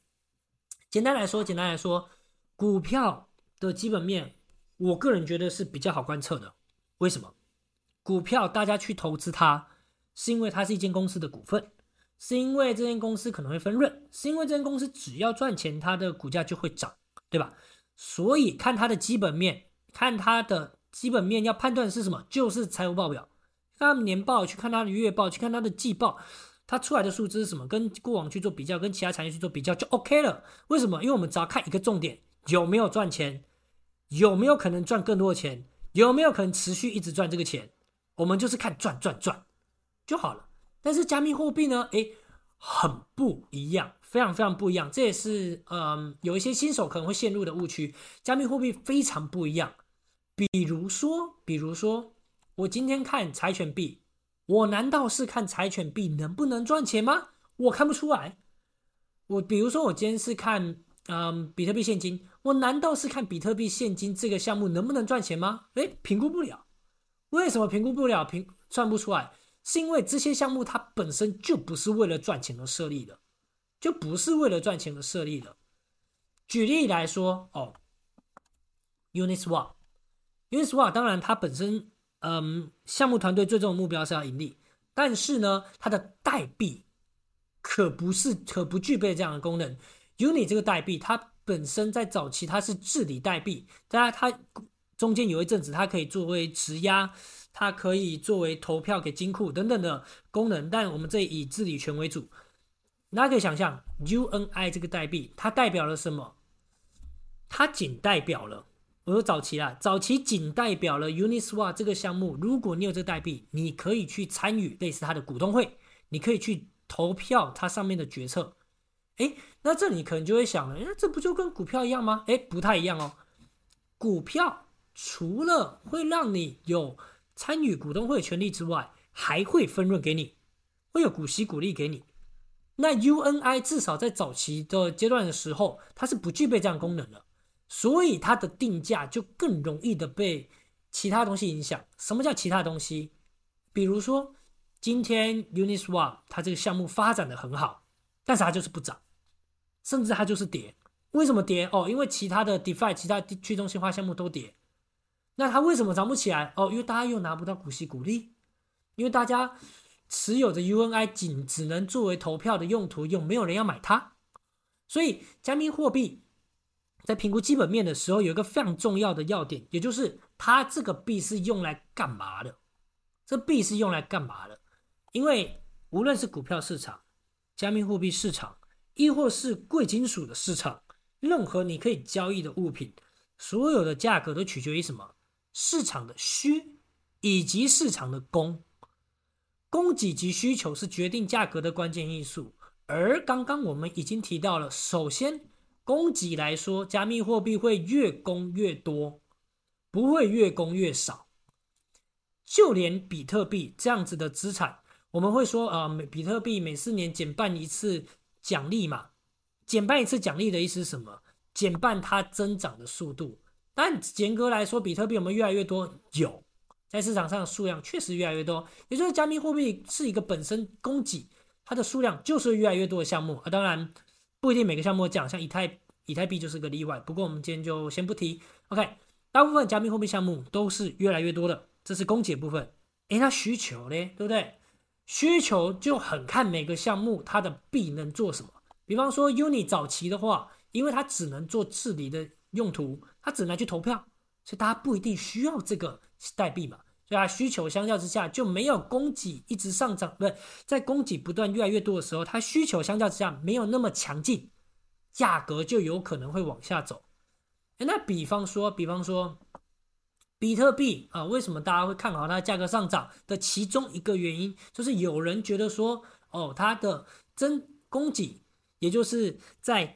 簡單來說，簡單來說，股票的基本面，我個人覺得是比較好觀測的。為什麼？股票大家去投資它，是因為它是一間公司的股份，是因為這間公司可能會分潤，是因為這間公司只要賺錢，它的股價就會漲，對吧？所以看它的基本面，看它的。基本面要判斷的是什麼？就是財務報表，看年報、去看它的月報、去看它的季報，它出來的數字是什麼，跟過往去做比較，跟其他產業去做比較就 OK 了。為什麼？因為我們只要看一個重點，有沒有賺錢，有沒有可能賺更多的錢，有沒有可能持續一直賺這個錢，我們就是看賺賺賺就好了。但是加密貨幣呢？誒，很不一樣，非常非常不一樣。這也是嗯有一些新手可能會陷入的誤區。加密貨幣非常不一樣。比如說，比如說，我今天看柴犬幣，我難道是看柴犬幣能不能賺錢嗎？我看不出來。我比如說，我今天是看嗯、呃、比特幣現金，我難道是看比特幣現金這個項目能不能賺錢嗎？哎，評估不了。為什麼評估不了？評算不出來，是因為這些項目它本身就不是為了賺錢而設立的，就不是為了賺錢而設立的。舉例來說，哦，Uniswap。因為 Swap 當然它本身，嗯，項目團隊最終的目標是要盈利，但是呢，它的代幣，可不是可不具備這樣的功能。UNI 這個代幣，它本身在早期它是治理代幣，大家它中間有一陣子它可以作為質押，它可以作為投票給金庫等等的功能，但我們這裡以治理權為主。大家可以想象，UNI 這個代幣它代表了什麼？它僅代表了。我說早期啦，早期僅代表了 Uniswap 這個項目。如果你有這代幣，你可以去參與類似它的股東會，你可以去投票它上面的決策。哎，那這裡可能就會想了，哎、呃，這不就跟股票一樣嗎？哎，不太一樣哦。股票除了會讓你有參與股東會的權利之外，還會分潤給你，會有股息股利給你。那 UNI 至少在早期的階段的時候，它是不具備這樣功能的。所以它的定價就更容易的被其他東西影響。什麼叫其他東西？比如說，今天 Uniswap 它這個項目發展的很好，但是它就是不漲，甚至它就是跌。為什麼跌？哦，因為其他的 DeFi，其他的去中心化項目都跌。那它為什麼漲不起來？哦，因為大家又拿不到股息股利，因為大家持有的 UNI 僅只能作為投票的用途，又沒有人要買它。所以加密貨幣。在評估基本面的時候，有一個非常重要的要點，也就是它這個幣是用來幹嘛的？這幣是用來幹嘛的？因為無論是股票市場、加密貨幣市場，亦或是貴金屬的市場，任何你可以交易的物品，所有的價格都取決於什麼？市場的需以及市場的供，供給及需求是決定價格的關鍵因素。而剛剛我們已經提到了，首先。供給來說，加密貨幣會越供越多，不會越供越少。就連比特幣這樣子的資產，我們會說，呃，每比特幣每四年減半一次獎勵嘛。減半一次獎勵的意思是什麼？減半它增長的速度。但嚴格來說，比特幣有沒有越來越多？有，在市場上的數量確實越來越多。也就是，加密貨幣是一個本身供給它的數量就是越來越多的項目啊，當然。不一定每個項目講，像以太以太幣就是個例外，不過我們今天就先不提。OK，大部分加密貨幣項目都是越來越多的，這是供給部分。誒，那需求呢？對不對？需求就很看每個項目它的幣能做什麼。比方說，UNI 早期的話，因為它只能做治理的用途，它只能去投票，所以大家不一定需要這個代幣嘛。對啊，需求相較之下就沒有供給一直上漲，對，在供給不斷越來越多的時候，它需求相較之下沒有那麼強勁，價格就有可能會往下走。哎，那比方說，比方說，比特幣啊、呃，為什麼大家會看好它價格上漲的其中一個原因，就是有人覺得說，哦，它的增供給，也就是在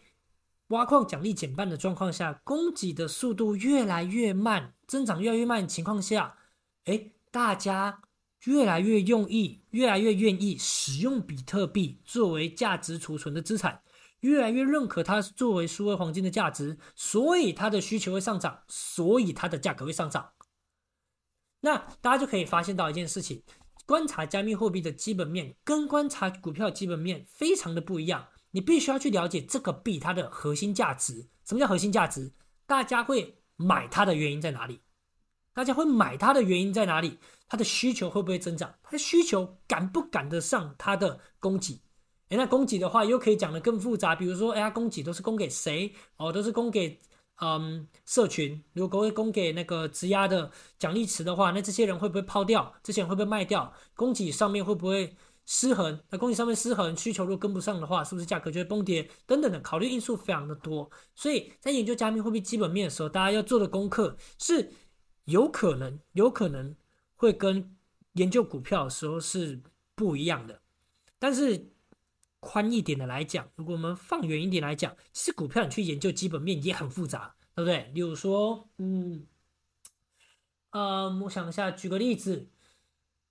挖礦獎勵減半的狀況下，供給的速度越來越慢，增長越來越慢的情況下。哎，大家越來越用意，越來越願意使用比特幣作為價值儲存的資產，越來越認可它作為數位黃金的價值，所以它的需求會上漲，所以它的價格會上漲。那大家就可以發現到一件事情：觀察加密貨幣的基本面跟觀察股票基本面非常的不一樣。你必須要去了解這個幣它的核心價值。什麼叫核心價值？大家會買它的原因在哪裡？大家會買它的原因在哪裡？它的需求會不會增長？它的需求趕不趕得上它的供給？哎，那供給的話又可以講得更複雜。比如說，哎呀，供給都是供給誰？哦，都是供給嗯，社群。如果供給供給那個質押的獎勵池的話，那這些人會不會拋掉？這些人會不會賣掉？供給上面會不會失衡？那供給上面失衡，需求如果跟不上的話，是不是價格就會崩跌？等等的，考慮因素非常的多。所以在研究加密貨幣基本面的時候，大家要做的功課是。有可能，有可能會跟研究股票的時候是不一樣的。但是寬一點的來講，如果我們放遠一點來講，其實股票你去研究基本面也很複雜，對不對？例如說，嗯，呃，我想一下，舉個例子，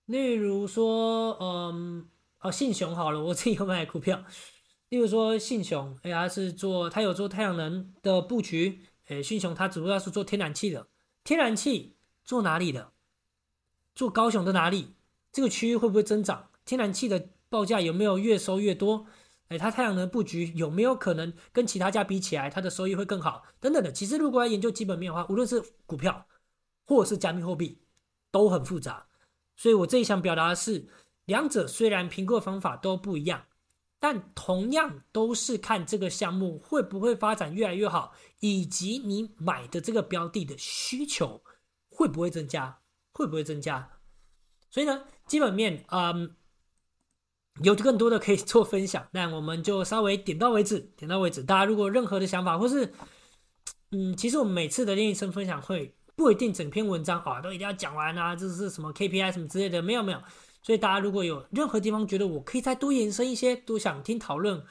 例如說，嗯、呃，哦、啊，信雄好了，我自己有買股票。例如說，信雄，誒呀，他是做，他有做太陽能的布局。誒，信雄他主要他是做天然氣的。天然氣做哪裡的？做高雄的哪裡？這個區域會不會增長？天然氣的報價有沒有越收越多？哎，它太陽能布局有沒有可能跟其他家比起來，它的收益會更好？等等的。其實如果要研究基本面的話，無論是股票或者是加密貨幣都很複雜。所以我這裡想表達的是，兩者雖然評估的方法都不一樣。但同樣都是看這個項目會不會發展越來越好，以及你買的這個標的的需求會不會增加，會不會增加？所以呢，基本面、嗯，啊有更多的可以做分享，那我們就稍微點到為止，點到為止。大家如果任何的想法，或是，嗯，其實我們每次的鏈習生分享會不一定整篇文章啊都一定要講完啊，這是什麼 KPI 什麼之類的，沒有沒有。所以大家如果有任何地方覺得我可以再多延伸一些，多想聽討論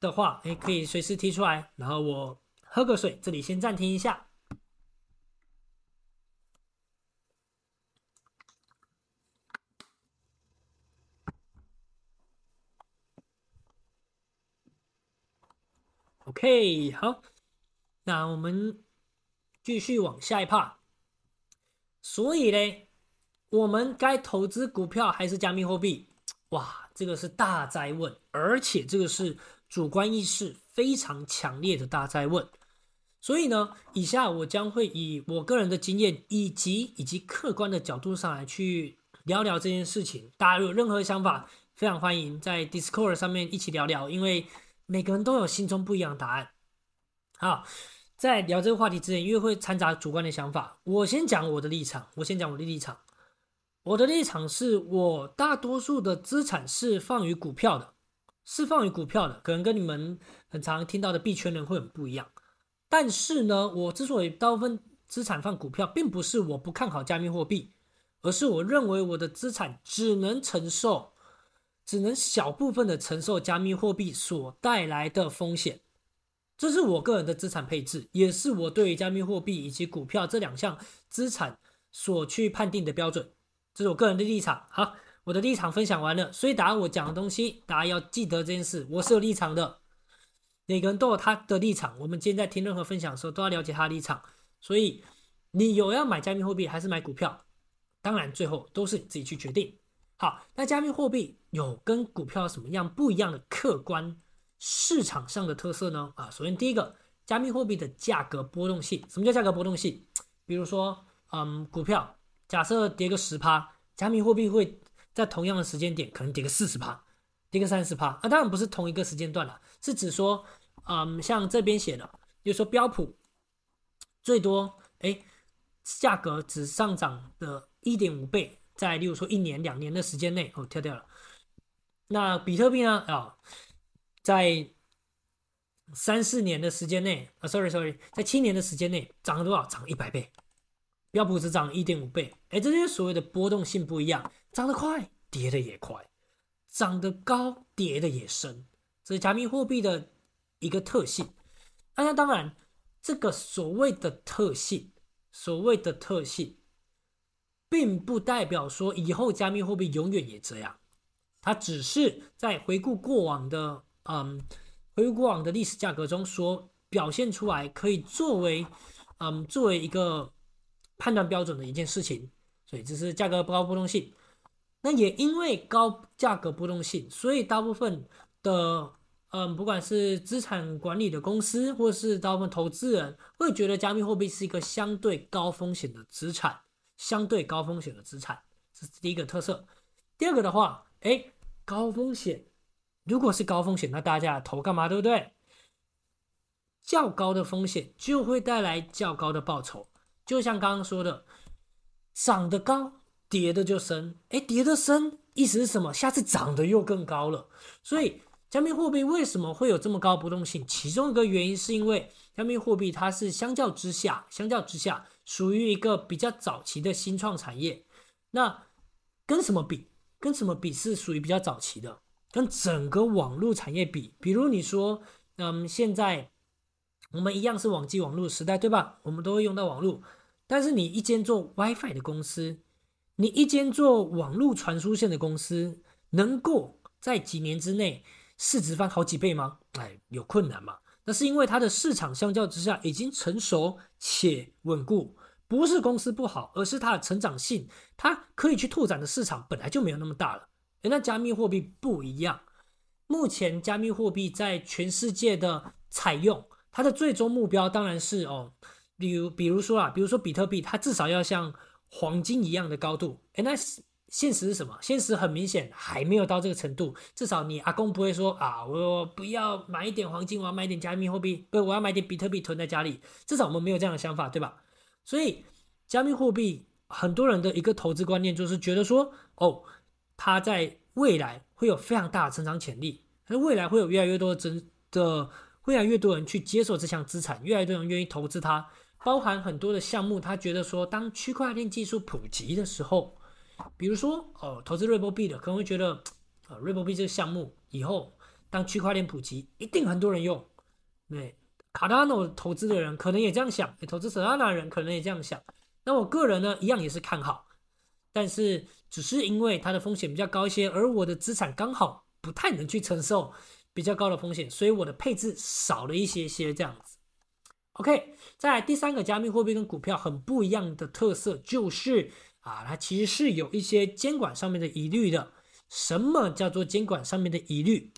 的話，哎，可以隨時提出來。然後我喝個水，這裡先暫停一下。OK，好，那我們繼續往下一趴。所以嘞？我們該投資股票還是加密貨幣？哇，這個是大哉問，而且這個是主觀意識非常強烈的大哉問。所以呢，以下我將會以我個人的經驗以及以及客觀的角度上來去聊聊這件事情。大家有任何想法，非常歡迎在 Discord 上面一起聊聊，因為每個人都有心中不一樣的答案。好，在聊這個話題之前，因為會摻雜主觀的想法，我先講我的立場。我先講我的立場。我的立場是我大多數的資產是放於股票的，是放於股票的，可能跟你們很常聽到的幣圈人會很不一樣。但是呢，我之所以大部分資產放股票，並不是我不看好加密貨幣，而是我認為我的資產只能承受，只能小部分的承受加密貨幣所帶來的風險。這是我個人的資產配置，也是我對於加密貨幣以及股票這兩項資產所去判定的標準。這是我個人的立場。好，我的立場分享完了。所以，打我講的東西，大家要記得這件事。我是有立場的，每個人都有他的立場。我們今天在聽任何分享的時候，都要了解他的立場。所以，你有要買加密貨幣還是買股票，當然最後都是你自己去決定。好，那加密貨幣有跟股票什麼樣不一樣的客觀市場上的特色呢？啊，首先第一個，加密貨幣的價格波動性。什麼叫價格波動性？比如說，嗯，股票。假設跌個十趴，加密貨幣會在同樣的時間點可能跌個四十趴，跌個三十趴。啊，當然不是同一個時間段了，是指說，嗯，像這邊寫的，比如說標普最多，哎，價格只上漲的一點五倍，在例如說一年兩年的時間內，哦，跳掉了。那比特幣呢？啊、哦，在三四年的時間內，啊、哦、，sorry sorry，在七年的時間內漲了多少？漲了一百倍。標普只漲一點五倍，哎，這些所謂的波動性不一樣，漲得快，跌得也快；漲得高，跌得也深，這是加密貨幣的一個特性。那那當然，這個所謂的特性，所謂的特性，並不代表說以後加密貨幣永遠也這樣，它只是在回顧過往的，嗯，回顧過往的歷史價格中所表現出來，可以作為，嗯，作為一個，判斷標準的一件事情，所以這是價格不高波動性。那也因為高價格波動性，所以大部分的嗯、呃，不管是資產管理的公司，或者是大部分投資人，會覺得加密貨幣是一個相對高風險的資產，相對高風險的資產，這是第一個特色。第二個的話，哎，高風險，如果是高風險，那大家投幹嘛，對不對？較高的風險就會帶來較高的報酬。就像剛剛說的，漲得高，跌得就深。哎，跌得深，意思是什麼？下次漲的又更高了。所以加密貨幣為什麼會有這麼高波動性？其中一個原因是因為加密貨幣它是相較之下，相較之下屬於一個比較早期的新創產業。那跟什麼比？跟什麼比是屬於比較早期的？跟整個網絡產業比，比如你說，嗯，現在我們一樣是網際網絡時代，對吧？我們都會用到網絡。但是你一間做 WiFi 的公司，你一間做網絡傳輸線的公司，能夠在幾年之內市值翻好幾倍嗎？哎，有困難嗎？那是因為它的市場相較之下已經成熟且穩固，不是公司不好，而是它的成長性，它可以去拓展的市場本來就沒有那麼大了。哎，那加密貨幣不一樣，目前加密貨幣在全世界的採用，它的最終目標當然是哦。比如，比如說啊，比如說比特幣，它至少要像黃金一樣的高度。誒，那是，現實是什麼？現實很明顯，還沒有到這個程度。至少你阿公不會說啊，我不要買一點黃金，我要買一點加密貨幣，不，我要買點比特幣囤在家裡。至少我們沒有這樣的想法，對吧？所以，加密貨幣很多人的一個投資觀念就是覺得說，哦，它在未來會有非常大的成長潛力，那未來會有越來越多的真的，越來越多人去接受這項資產，越來越多人願意投資它。包含很多的項目，他覺得說，當區塊鏈技術普及的時候，比如說，哦，投資瑞波幣的可能會覺得，啊、呃，瑞波幣這個項目以後當區塊鏈普及，一定很多人用。對，卡達諾投資的人可能也這樣想，投資索拉納人可能也這樣想。那我個人呢，一樣也是看好，但是只是因為它的風險比較高一些，而我的資產剛好不太能去承受比較高的風險，所以我的配置少了一些些這樣子。OK，在第三個加密貨幣跟股票很不一樣的特色，就是啊，它其實是有一些監管上面的疑慮的。什麼叫做監管上面的疑慮？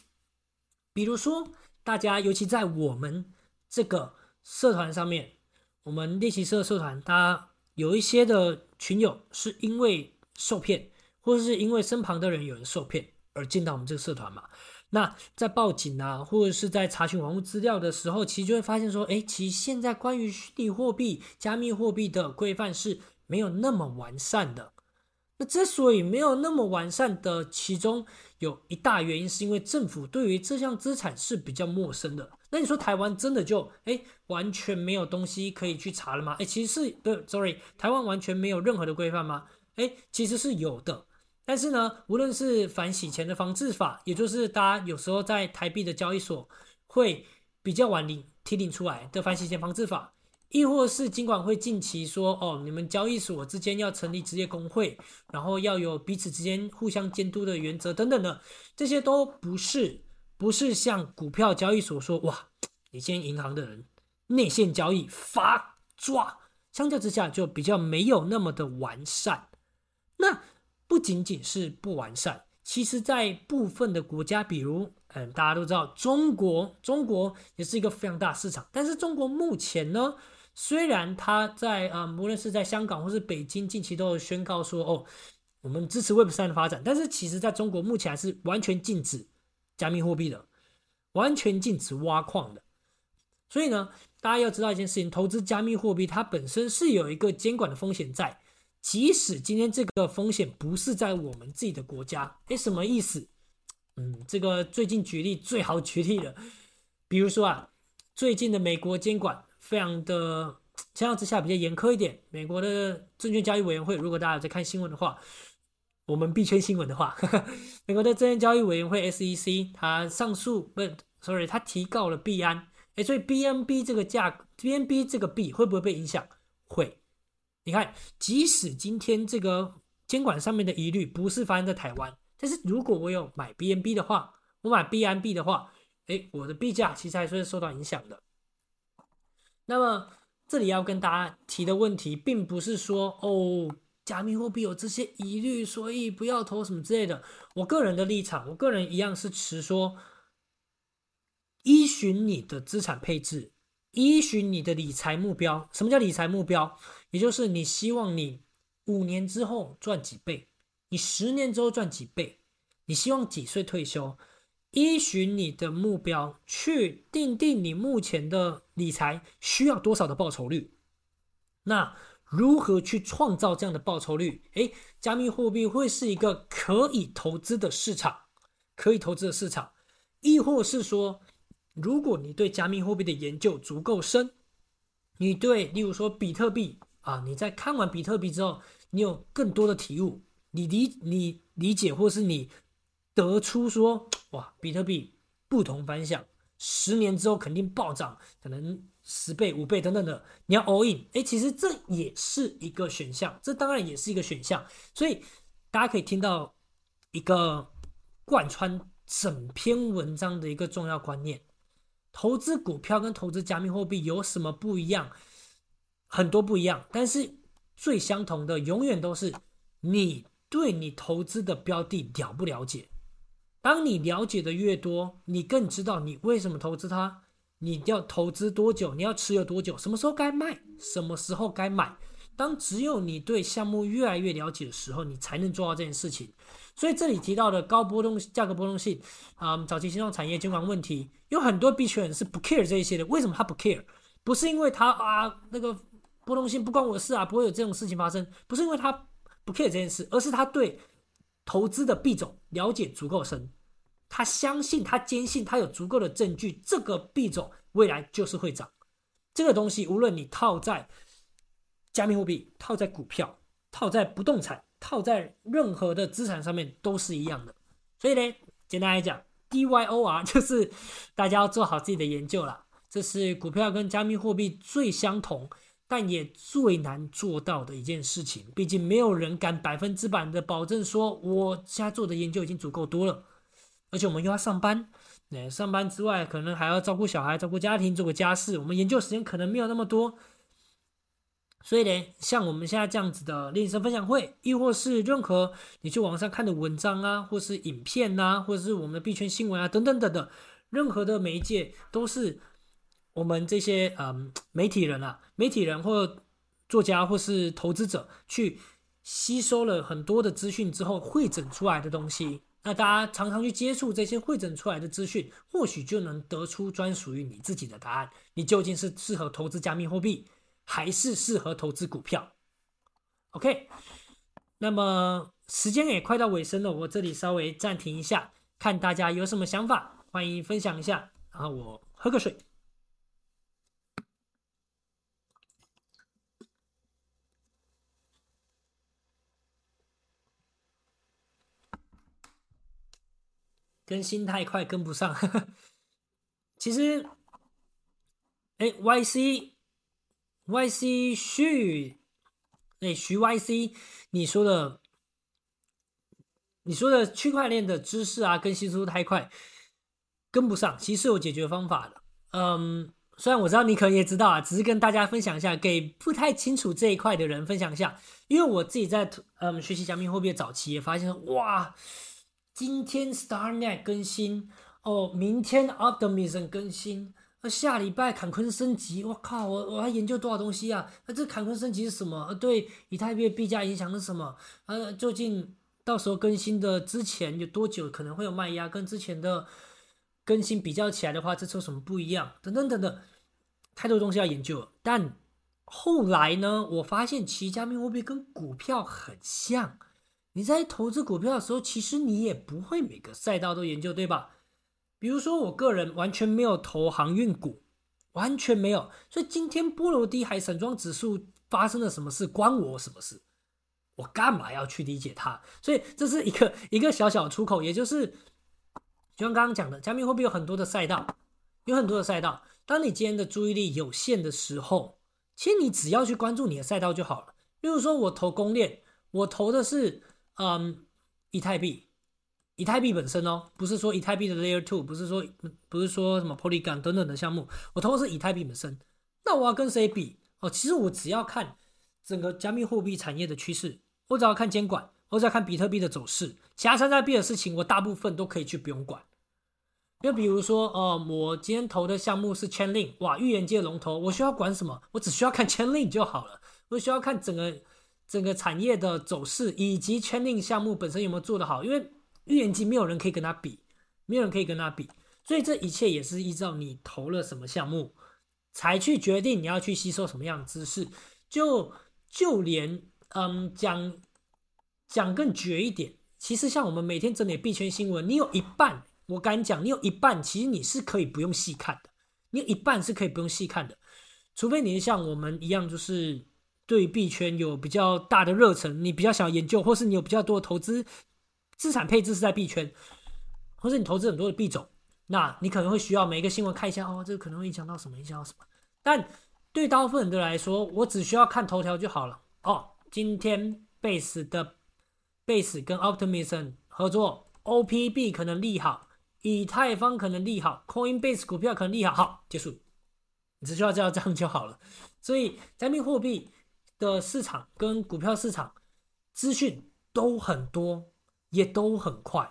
比如說，大家尤其在我們這個社團上面，我們鏈習生社團，它有一些的群友是因為受騙，或者是因為身旁的人有人受騙而進到我們這個社團嘛。那在報警啊，或者是在查詢房屋資料的時候，其實就會發現說，哎，其實現在關於虛擬貨幣、加密貨幣的規範是沒有那麼完善的。那之所以沒有那麼完善的，其中有一大原因是因為政府對於這項資產是比較陌生的。那你說台灣真的就，哎，完全沒有東西可以去查了嗎？哎，其實是不、呃，sorry，台灣完全沒有任何的規範嗎？哎，其實是有的。但是呢，無論是反洗錢的防治法，也就是大家有時候在台幣的交易所會比較晚領提領出來的反洗錢防治法，亦或是金管會近期說哦，你們交易所之間要成立職業工會，然後要有彼此之間互相監督的原則等等的，這些都不是不是像股票交易所說哇，你現在銀行的人內線交易罰抓。相較之下就比較沒有那麼的完善，那，不僅僅是不完善，其實，在部分的國家，比如，嗯，大家都知道，中國，中國也是一個非常大市場。但是，中國目前呢，雖然它在啊、嗯，無論是在香港或是北京，近期都有宣告說，哦，我們支持 Web 三的發展。但是，其實在中國目前還是完全禁止加密貨幣的，完全禁止挖礦的。所以呢，大家要知道一件事情，投資加密貨幣，它本身是有一個監管的風險在。即使今天這個風險不是在我們自己的國家，誒，什麼意思？嗯，這個最近舉例最好舉例的，比如說啊，最近的美國監管非常的，相較之下比較嚴苛一點。美國的證券交易委員會，如果大家有在看新聞的話，我們幣圈新聞的話，呵呵，美國的證券交易委員會 SEC，他上訴問 sorry 他提告了幣安，誒，所以 BNB 這個價格，BNB 這個幣會不會被影響？會。你看，即使今天這個監管上面的疑慮不是發生在台灣，但是如果我有買 BNB 的話，我買 BNB 的話，誒，我的幣價其實還是會受到影響的。那麼這裡要跟大家提的問題，並不是說哦，加密貨幣有這些疑慮，所以不要投什麼之類的。我個人的立場，我個人一樣是持說，依循你的資產配置。依循你的理財目標，什麼叫理財目標？也就是你希望你五年之後賺幾倍，你十年之後賺幾倍，你希望幾歲退休？依循你的目標去訂定你目前的理財需要多少的報酬率？那如何去創造這樣的報酬率？誒，加密貨幣會是一個可以投資的市場，可以投資的市場，抑或是說，如果你對加密貨幣的研究足夠深，你對，例如說比特幣啊，你在看完比特幣之後，你有更多的體悟，你理你理解，或是你得出說，哇，比特幣不同凡響，十年之後肯定暴漲，可能十倍、五倍等等的，你要 all in。哎，其實這也是一個選項，這當然也是一個選項。所以大家可以聽到一個貫穿整篇文章的一個重要觀念。投資股票跟投資加密貨幣有什麼不一樣？很多不一樣，但是最相同的永遠都是你對你投資的標的了不了解。當你了解的越多，你更知道你為什麼投資它，你要投資多久，你要持有多久，什麼時候該賣，什麼時候該買。當只有你對項目越來越了解的時候，你才能做到這件事情。所以這裡提到的高波動價格波動性，啊、嗯，早期新創產業監管問題，有很多幣圈人是不 care 這一些的。為什麼他不 care？不是因為他啊那個波動性不關我的事啊，不會有這種事情發生。不是因為他不 care 這件事，而是他對投資的幣種了解足夠深，他相信，他堅信，他有足夠的證據，這個幣種未來就是會漲。這個東西，無論你套在加密貨幣、套在股票、套在不動產。套在任何的資產上面都是一樣的，所以呢，簡單來講，D Y O R 就是大家要做好自己的研究了。這是股票跟加密貨幣最相同，但也最難做到的一件事情。畢竟沒有人敢百分之百的保證說，我現在做的研究已經足夠多了。而且我們又要上班，那上班之外可能還要照顧小孩、照顧家庭、做個家事，我們研究時間可能沒有那麼多。所以呢，像我們現在這樣子的鏈習生分享會，亦或是任何你去網上看的文章啊，或是影片吶、啊，或者是我們的幣圈新聞啊，等等等等，任何的媒介都是我們這些嗯媒體人啊、媒體人或作家或是投資者去吸收了很多的資訊之後匯整出來的東西。那大家常常去接觸這些匯整出來的資訊，或許就能得出專屬於你自己的答案：你究竟是適合投資加密貨幣，還是適合投資股票？OK。那麼時間也快到尾聲了，我這裡稍微暫停一下，看大家有什麼想法，歡迎分享一下。然後我喝個水，更新太快跟不上。呵呵，其實，哎，YC。Y C 徐，哎、欸，徐 Y C，你說的，你說的區塊鏈的知識啊，更新速度太快，跟不上。其實有解決方法的。嗯，雖然我知道你可能也知道啊，只是跟大家分享一下，給不太清楚這一塊的人分享一下。因為我自己在嗯學習加密貨幣的早期也發現，哇，今天 StarNet 更新，哦，明天 Optimism 更新。那下禮拜坎昆升級，我靠，我我還研究多少東西啊？那這坎昆升級是什麼？對以太幣幣價影響是什麼？啊，究竟到時候更新的之前有多久可能會有賣壓？跟之前的更新比較起來的話，這次有什麼不一樣？等等等等，太多東西要研究了。但後來呢，我發現其實加密貨幣跟股票很像。你在投資股票的時候，其實你也不會每個賽道都研究，對吧？比如說，我個人完全沒有投航運股，完全沒有。所以今天波羅的海散裝指數發生了什麼事，關我什麼事？我幹嘛要去理解它？所以這是一個一個小小的出口，也就是就像剛剛講的，下面會不會有很多的賽道？有很多的賽道。當你今天的注意力有限的時候，其實你只要去關注你的賽道就好了。例如說，我投公鏈，我投的是嗯，以太幣。以太幣本身哦，不是說以太幣的 Layer Two，不是說不是說什麼 Polygon 等等的項目，我投的是以太幣本身。那我要跟誰比？哦，其實我只要看整個加密貨幣產業的趨勢，或者要看監管，或者要看比特幣的走勢。其他山寨幣的事情，我大部分都可以去不用管。又比如說，哦、呃，我今天投的項目是 Chainlink 哇，預言界龍頭，我需要管什麼？我只需要看 Chainlink 就好了。我需要看整個整個產業的走勢，以及 Chainlink 項目本身有沒有做得好，因為。預言機沒有人可以跟他比，沒有人可以跟他比，所以這一切也是依照你投了什麼項目，才去決定你要去吸收什麼樣的知識。就就連嗯講講更絕一點，其實像我們每天整理幣圈新聞，你有一半，我敢講，你有一半其實你是可以不用細看的，你有一半是可以不用細看的，除非你像我們一樣，就是對幣圈有比較大的熱忱，你比較想要研究，或是你有比較多的投資。資產配置是在幣圈，或者你投資很多的幣種，那你可能會需要每一個新聞看一下哦，這個可能會影響到什麼，影響到什麼。但對大部分人來說，我只需要看頭條就好了。哦，今天 Base 的 Base 跟 Optimism 合作，OPB 可能利好，以太坊可能利好，Coinbase 股票可能利好。好，結束，你只需要知道這樣就好了。所以加密貨幣的市場跟股票市場資訊都很多。也都很快，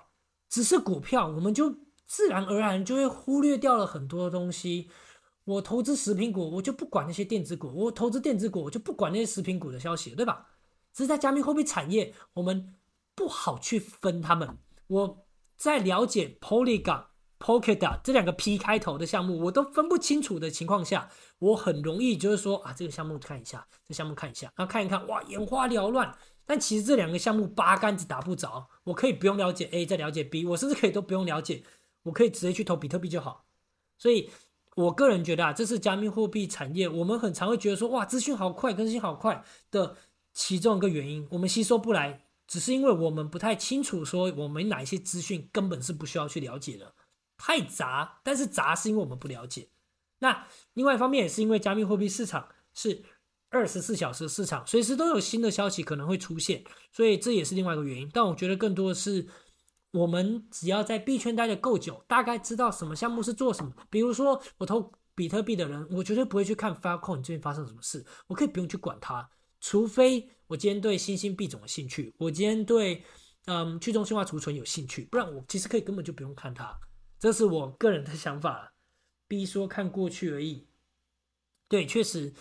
只是股票我們就自然而然就會忽略掉了很多東西。我投資食品股，我就不管那些電子股；我投資電子股，我就不管那些食品股的消息，對吧？只是在加密貨幣產業，我們不好去分它們。我在了解 Polygon、Polkadot 這兩個 P 開頭的項目，我都分不清楚的情況下，我很容易就是說啊，這個項目看一下，這項目看一下，然後看一看，哇，眼花繚亂。但其實這兩個項目八竿子打不着，我可以不用了解 A，再了解 B，我甚至可以都不用了解，我可以直接去投比特幣就好。所以，我個人覺得啊，這是加密貨幣產業，我們很常會覺得說，哇，資訊好快，更新好快的其中一個原因，我們吸收不來，只是因為我們不太清楚說，我們哪一些資訊根本是不需要去了解的，太雜。但是雜是因為我們不了解。那另外一方面也是因為加密貨幣市場是二十四小時市場，隨時都有新的消息可能會出現，所以這也是另外一個原因。但我覺得更多的是，我們只要在幣圈待得夠久，大概知道什麼項目是做什麼。比如說，我投比特幣的人，我絕對不會去看 Filecoin 最近發生了什麼事，我可以不用去管它。除非我今天對新興幣種有興趣，我今天對嗯、呃、去中心化儲存有興趣，不然我其實可以根本就不用看它。這是我個人的想法，比如說看過去而已。對，確實。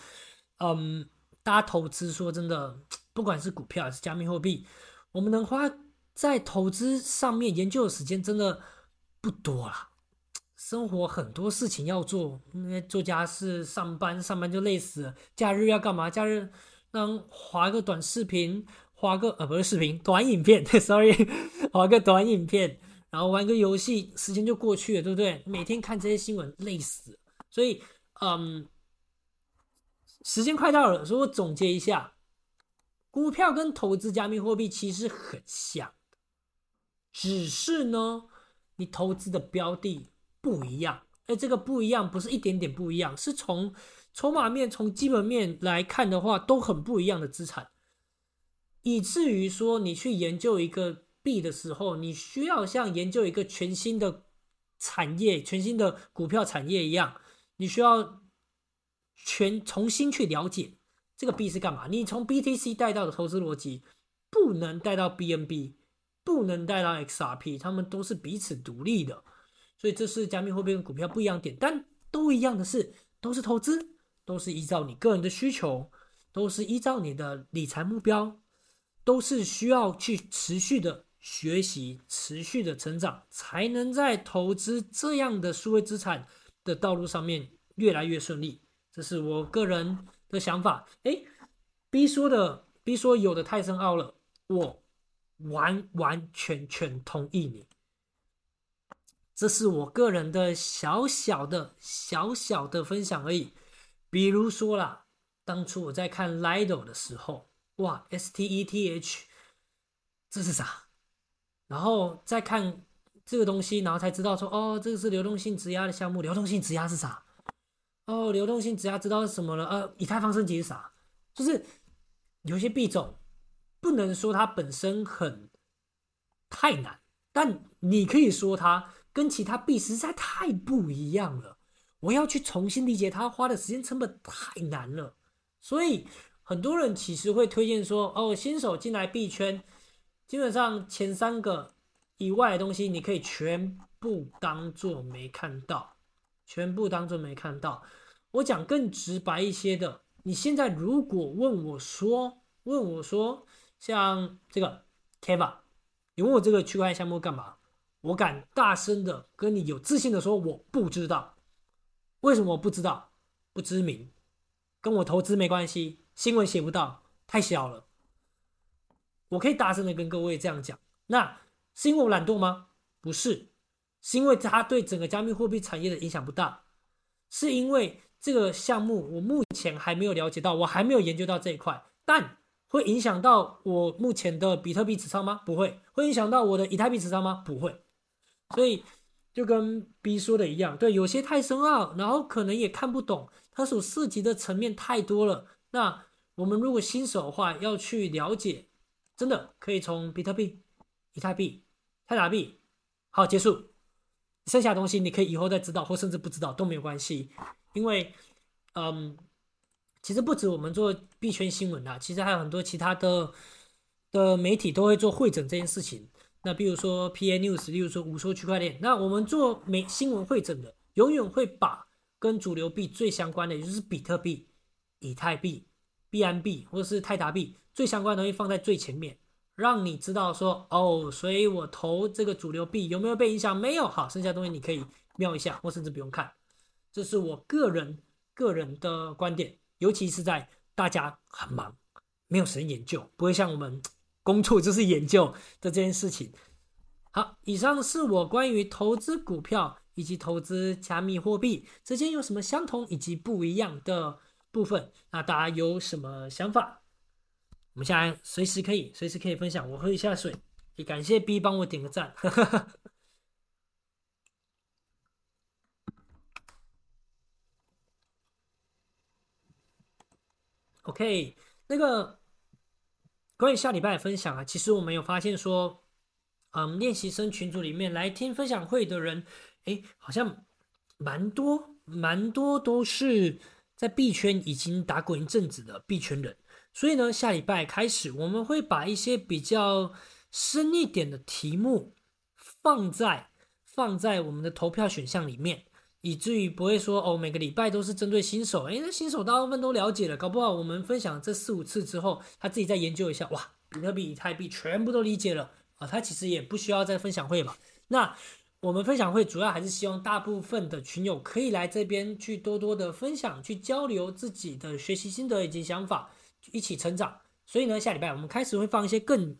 嗯，大家投資說真的，不管是股票還是加密貨幣，我們能花在投資上面研究的時間真的不多了啊。生活很多事情要做，做家事、上班，上班就累死了。假日要幹嘛？假日讓划個短視頻，划個呃不是視頻，短影片，sorry，划個短影片，然後玩個遊戲，時間就過去了，對不對？每天看這些新聞累死，所以嗯。Um, 時間快到了，所以我總結一下，股票跟投資加密貨幣其實很像。只是呢，你投資的標的不一樣。哎，這個不一樣不是一點點不一樣，是從籌碼面、從基本面來看的話，都很不一樣的資產，以至於說你去研究一個幣的時候，你需要像研究一個全新的產業、全新的股票產業一樣，你需要。全重新去了解這個幣是幹嘛。你從 BTC 帶到的投資邏輯，不能帶到 BNB，不能帶到 XRP，他們都是彼此獨立的。所以這是加密貨幣跟股票不一樣點，但都一樣的是，都是投資，都是依照你個人的需求，都是依照你的理財目標，都是需要去持續的學習，持續的成長，才能在投資這樣的數位資產的道路上面越來越順利。這是我個人的想法。誒 b 說的，B 說有的太深奧了，我完完全全同意你。這是我個人的小小的小小的分享而已。比如說啦，當初我在看 Lido 的時候，哇，S T E T H，這是啥？然後再看這個東西，然後才知道說，哦，這個是流動性質押的項目。流動性質押是啥？哦，流動性只要知道是什麼了？呃，以太坊升級是啥？就是有些幣種不能說它本身很太難，但你可以說它跟其他幣實在太不一樣了。我要去重新理解它，花的時間成本太難了。所以很多人其實會推薦說，哦，新手進來幣圈，基本上前三個以外的東西，你可以全部當做沒看到。全部當做沒看到。我講更直白一些的，你現在如果問我說，問我說，像這個 Kava，你問我這個區塊鏈項目幹嘛？我敢大聲的跟你有自信的說，我不知道。為什麼我不知道？不知名，跟我投資沒關係，新聞寫不到，太小了。我可以大聲的跟各位這樣講，那是因為我懶惰嗎？不是。是因為它對整個加密貨幣產業的影響不大，是因為這個項目我目前還沒有了解到，我還沒有研究到這一塊，但會影響到我目前的比特幣持倉嗎？不會，會影響到我的以太幣持倉嗎？不會，所以就跟 B 說的一樣，對，有些太深奧，然後可能也看不懂，它所涉及的層面太多了。那我們如果新手的話，要去了解，真的可以從比特幣、以太幣、泰達幣，好，結束。剩下的東西你可以以後再知道，或甚至不知道都沒有關係，因為，嗯，其實不止我們做幣圈新聞的、啊，其實還有很多其他的的媒體都會做匯整這件事情。那比如說 PANews，例如說吳說區塊鏈。那我們做媒新聞匯整的，永遠會把跟主流幣最相關的，也就是比特幣、以太幣、幣安幣或者是泰達幣最相關的東西放在最前面。讓你知道說哦，所以我投這個主流幣有沒有被影響？沒有，好，剩下的東西你可以瞄一下，我甚至不用看。這是我個人個人的觀點，尤其是在大家很忙，沒有時間研究，不會像我們工作就是研究的這件事情。好，以上是我關於投資股票以及投資加密貨幣之間有什麼相同以及不一樣的部分。那大家有什麼想法？我們下來隨時可以，隨時可以分享。我喝一下水。也感謝 B 幫我點個讚。哈哈哈，OK，那個關於下禮拜的分享啊，其實我們有發現說，嗯，練習生群組裡面來聽分享會的人，哎、欸，好像蠻多，蠻多都是在 b 圈已經打滾一陣子的 b 圈人，所以呢，下禮拜開始，我們會把一些比較深一點的題目放在放在我們的投票選項裡面，以至於不會說哦，每個禮拜都是針對新手。誒，那新手大部分都了解了，搞不好我們分享這四五次之後，他自己再研究一下，哇，比特幣、以太幣全部都理解了啊！他其實也不需要再分享會嘛。那我們分享會主要還是希望大部分的群友可以來這邊去多多的分享，去交流自己的學習心得以及想法。一起成長，所以呢，下禮拜我們開始會放一些更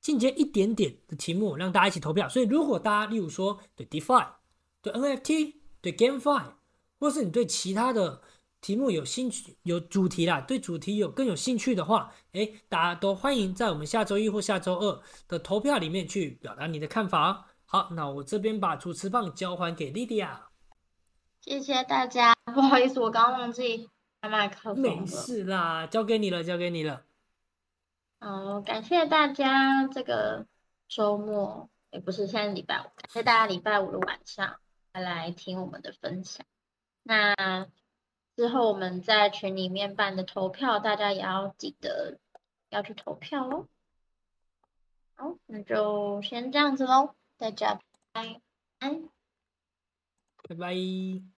進階一點點的題目，讓大家一起投票。所以，如果大家例如說對 DeFi、對 NFT、對 GameFi，或是你對其他的題目有興趣、有主題啦，對主題有更有興趣的話，哎，大家都歡迎在我們下周一或下周二的投票裡面去表達你的看法。好，那我這邊把主持棒交還給莉迪亞，謝謝大家，不好意思，我剛忘記。慢慢靠攏。沒事啦，交給你了，交給你了。好，感謝大家這個周末，也不是現在禮拜五，感謝大家禮拜五的晚上來聽我們的分享。那之後我們在群裡面辦的投票，大家也要記得要去投票哦。好，那就先這樣子嘍，大家拜拜，拜拜。